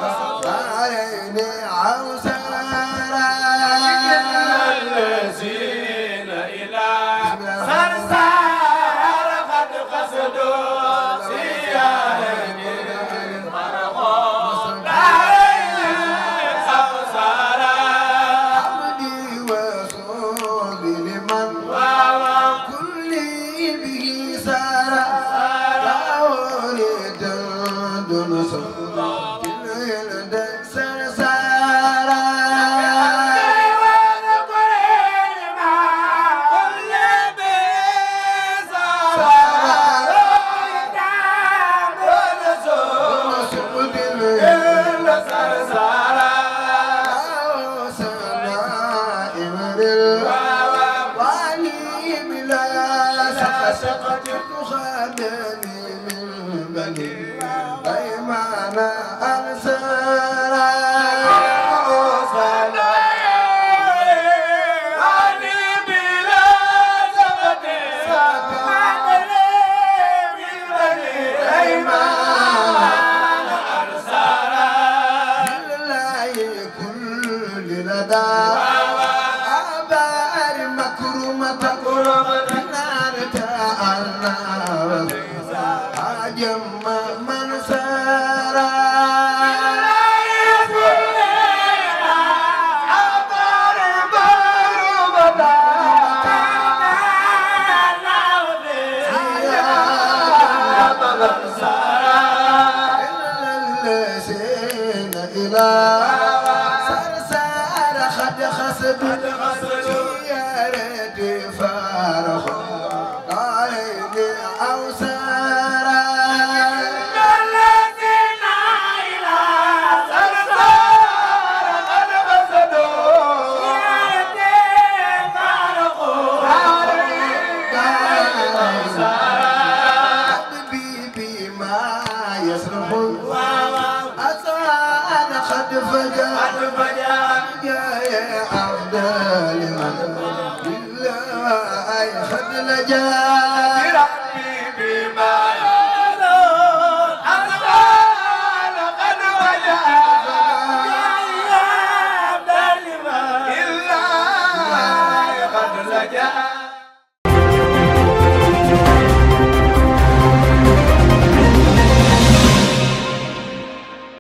وجاء